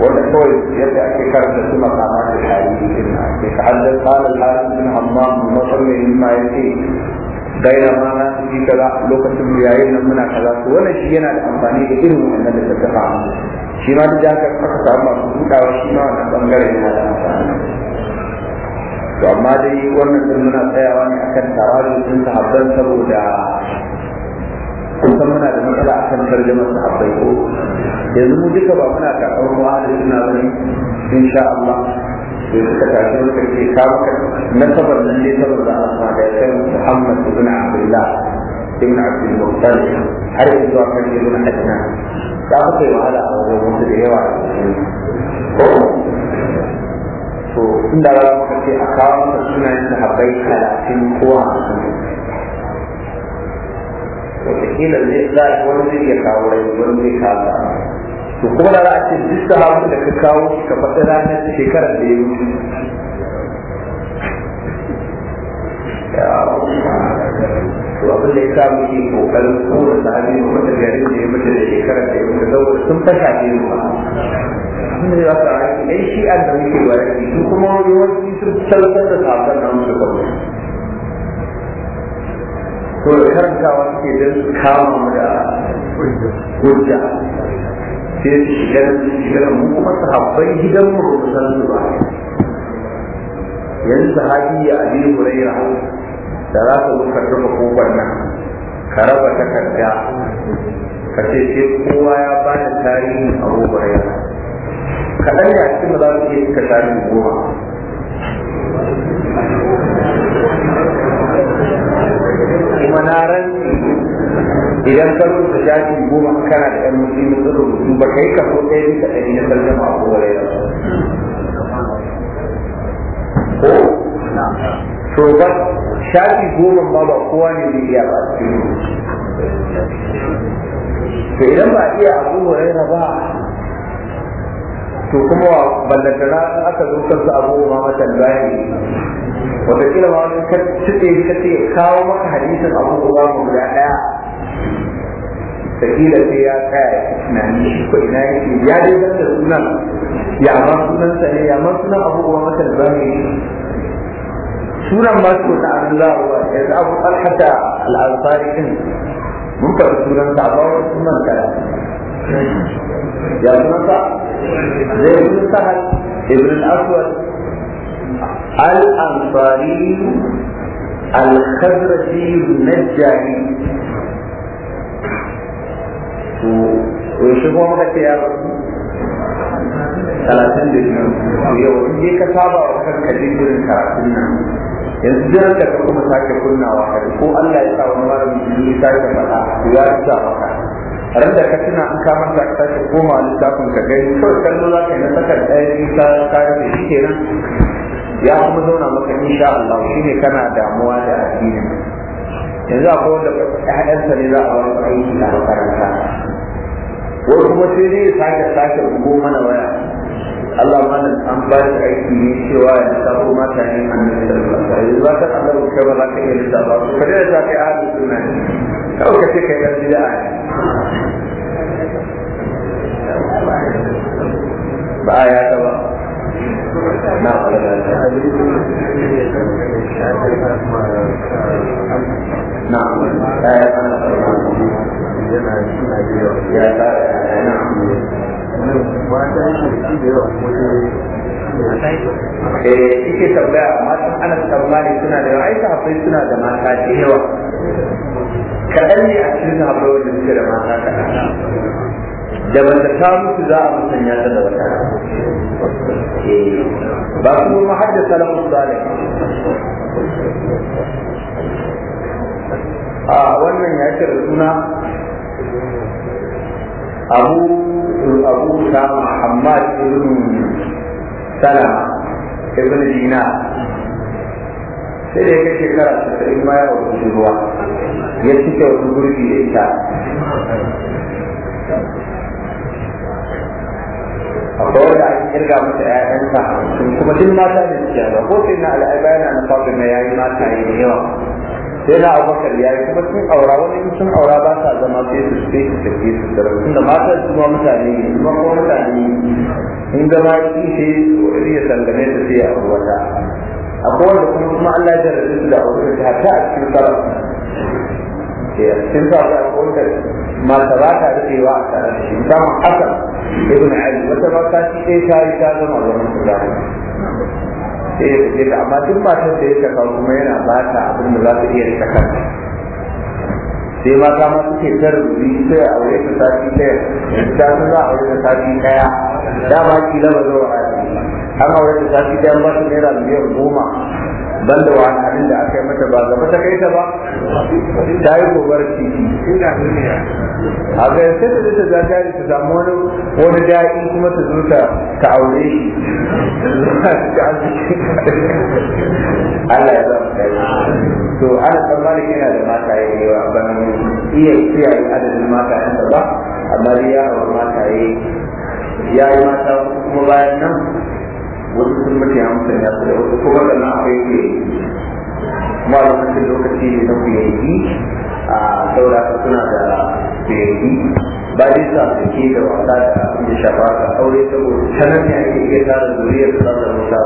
wanda kawai yadda ake karanta su makama da tarihi din na ke ka haddar tsarin tsarin din amma musamman ma ya ce daina ma na su ji kaza lokacin yayin nan muna kaza to wannan shi yana da amfani da irin wannan da ta tafa shi ma duk da haka aka samu masu buɗawa shi ma wannan bangaren yana da to amma dai wannan din muna tsayawa ne akan tarazu din sahabban saboda kusan muna da matsala a kan tarjumar sahabbai ko yanzu mu duka ba muna karɓar ruwa da suna in sha Allah sai suka tashi wani karfe kawo maka nasabar nan ne saboda Allah da ya kai Muhammad ibn Abdullah بن عبد المطلب har yanzu zuwa kan yi na hajjina za ku kai wahala a da yawa ko to a kawo masa sunayen sahabbai talatin ko hamsin wataƙila zai za a wani zai iya kawo rai wani zai kasa to kuma da za a ce duk sahabin da ka kawo ka faɗi ranar shekarar da ya wuce Yeah. to abin da ya sa muke kokarin kowa da mu mata garin da ya mutu da shekara da ya mutu saboda sun fasha ne mu abin da ya sa aiki dai shi an da muke wa yaki su kuma yawanci sun talafar da sabon nan su Ko to da karantawa suke don kama mu da gurja sai su shiga shiga mu kuma sahabbai gidan mu ba su ba yanzu sahabi ya abi hurairah da za ka zo ka kofar nan ka raba takarda ka ce ce kowa ya ba da tarihin abubuwar yana kaɗan ya cikin za su iya cika tarihin goma kuma na rantsi idan ka rubuta shafi goma kana da ɗan musulmi da rubutu ba kai ka so ɗaya bisa ɗari na sallama abubuwar ya ko to ba shafi goma ma ba kowa ne zai iya ba to idan ba iya abu huraira ba to kuma wa ballantana aka zo kansu abu ma matan bayani wataƙila ma wani kace kace kawo maka hadisin abu ba mu guda ɗaya sakila sai ya tsaya tunani shi ko ina yake ya dai zanta sunan ya ma sunansa ne ya ma sunan abu ba matan bayani sunan ma su ta an zawo yanzu abu alhata al'alfari din mun faɗi sunan sa ba wani sunan kara ya sunan sa zai yi sahal ibn al-aswad al-ansari al-khadraji najjari kuma muka ce ya talatin da biyu yau in ka saba wa kanka karatun nan yanzu jiran da ka kuma sake kunnawa ka ko Allah ya sa wani malamin jini ya sake faɗa ya sa maka ran da ka tuna an ka manta ka sake koma littafin ka gani kawai kallo za ka yi na sakar ɗaya biyu ta kare da shi kenan ya kuma zauna maka insha Allah shine kana damuwa da addinin yanzu akwai wanda ƴaƴansa ne za a wani aiki a makaranta wani kuma sai dai ya sake sake rubo mana waya Allah mana an ba shi aiki ne cewa ya a nan da yanzu ba ka Allah ka ba za ka iya da ba ka da za ka yi ahli sunna kawai ka kai da bid'a ba ya ta ba
na na ya ta ya
ta eh kike tambaya matan ana tabbali suna da ai sahabbai suna da mata da yawa kaɗan ne a cikin sahabbai wanda suke da mata kaɗan da wanda ta mutu za a musanya ya da wata ba su kuma haddasa lamun ne. a wannan ya suna abu abu sama hamad ibn salama ibn dina sai da ya kai shekara tasa'in ma ya wasu ruwa ya cike wasu gurbi da ita akwai wanda ake kirga mata ‘ya'yansa kuma duk mata ne suke ba ko sai na al'aiba yana na fafi mai yayi mata yi da yawa sai na abubakar ya yi kuma sun aura wani sun aura ba sa zama sai su sai su tafi su da tunda mata su ma mutane ne kuma kuma mutane in zama shi sai wani ya sangane da sai a wata a wanda kuma kuma Allah ya jarrabe su da aure ta ta a cikin
A
cikin sa ta wanda mata ba ta rufewa a tare da shi musamman Hassan ibn Ali wata ba ta ci ɗaya ta yi ta zama zaman su sai ya tafi da amma duk matan da ya saka kuma yana ba ta abin da za su iya rika kanta sai mata ma suke ta rubi sai a aure ta sati ɗaya da su za a aure ta sati ɗaya dama kila ba zo a amma aure ta sati ɗaya ba su naira miliyan goma ban da wani abin da aka yi mata ba gaba ta kai ta ba ta yi gobar titi a ga sai ta ta za ta ta samu wani wani da'i kuma ta zo ta ta aure shi Allah ya zama kai to ana tsammanin yana da mata ya yi wa ban iya kiyaye adadin mata yansa ba amma ya wa mata ya yi mata kuma bayan nan wasu sun mutu ya mutu ya tsare wasu ko ga nan akwai ke kuma lokacin lokaci ne na kuyayi a saura suna da kuyayi ba dai sa su da wasa da a shafa aure saboda iya tara zuriyar da za ta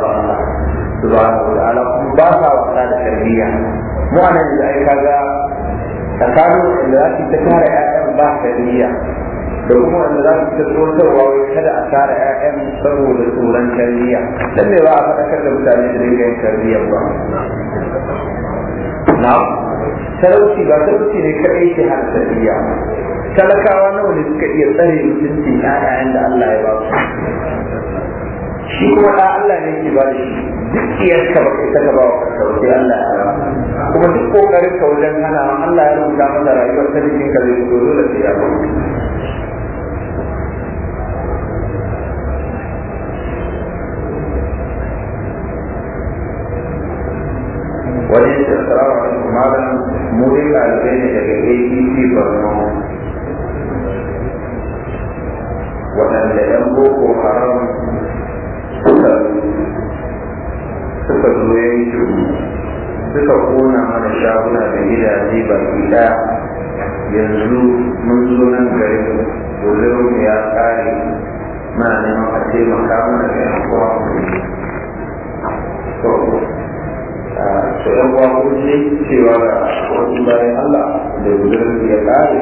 mutu ba ba sa da tarbiyya mu anan tsakanin da ta tara ƴaƴan ba da kuma wanda za su fita tsotarwa wai kada a tara 'ya'yan saboda tsoron tarbiyya dan me ba a faɗakar da mutane su dinga yin tarbiyya ba na talauci ba talauci ne kaɗai ke hana tarbiyya talakawa nawa ne suka iya tsare mutuncin 'ya'yan da Allah ya ba su shi kuma da Allah ne ke ba shi duk iyarka ba kai saka ba wa kanka sai Allah ya ba. kuma duk kokarin ka wajen hana Allah ya rubuta masa rayuwar ta cikin ka zai zo dole sai ya rama wani ya ce salamu alaikum malam mu dai ɗalibai ne daga APC waɗanda ɗan boko haram suka suka zo ya yi shiru suka kona mana shaguna da gidaje baki ɗaya yanzu mun zo nan ya mana neman a da yan kowa to yan uwa kun ji cewa ga
wasu bayan Allah da gudunar ya kare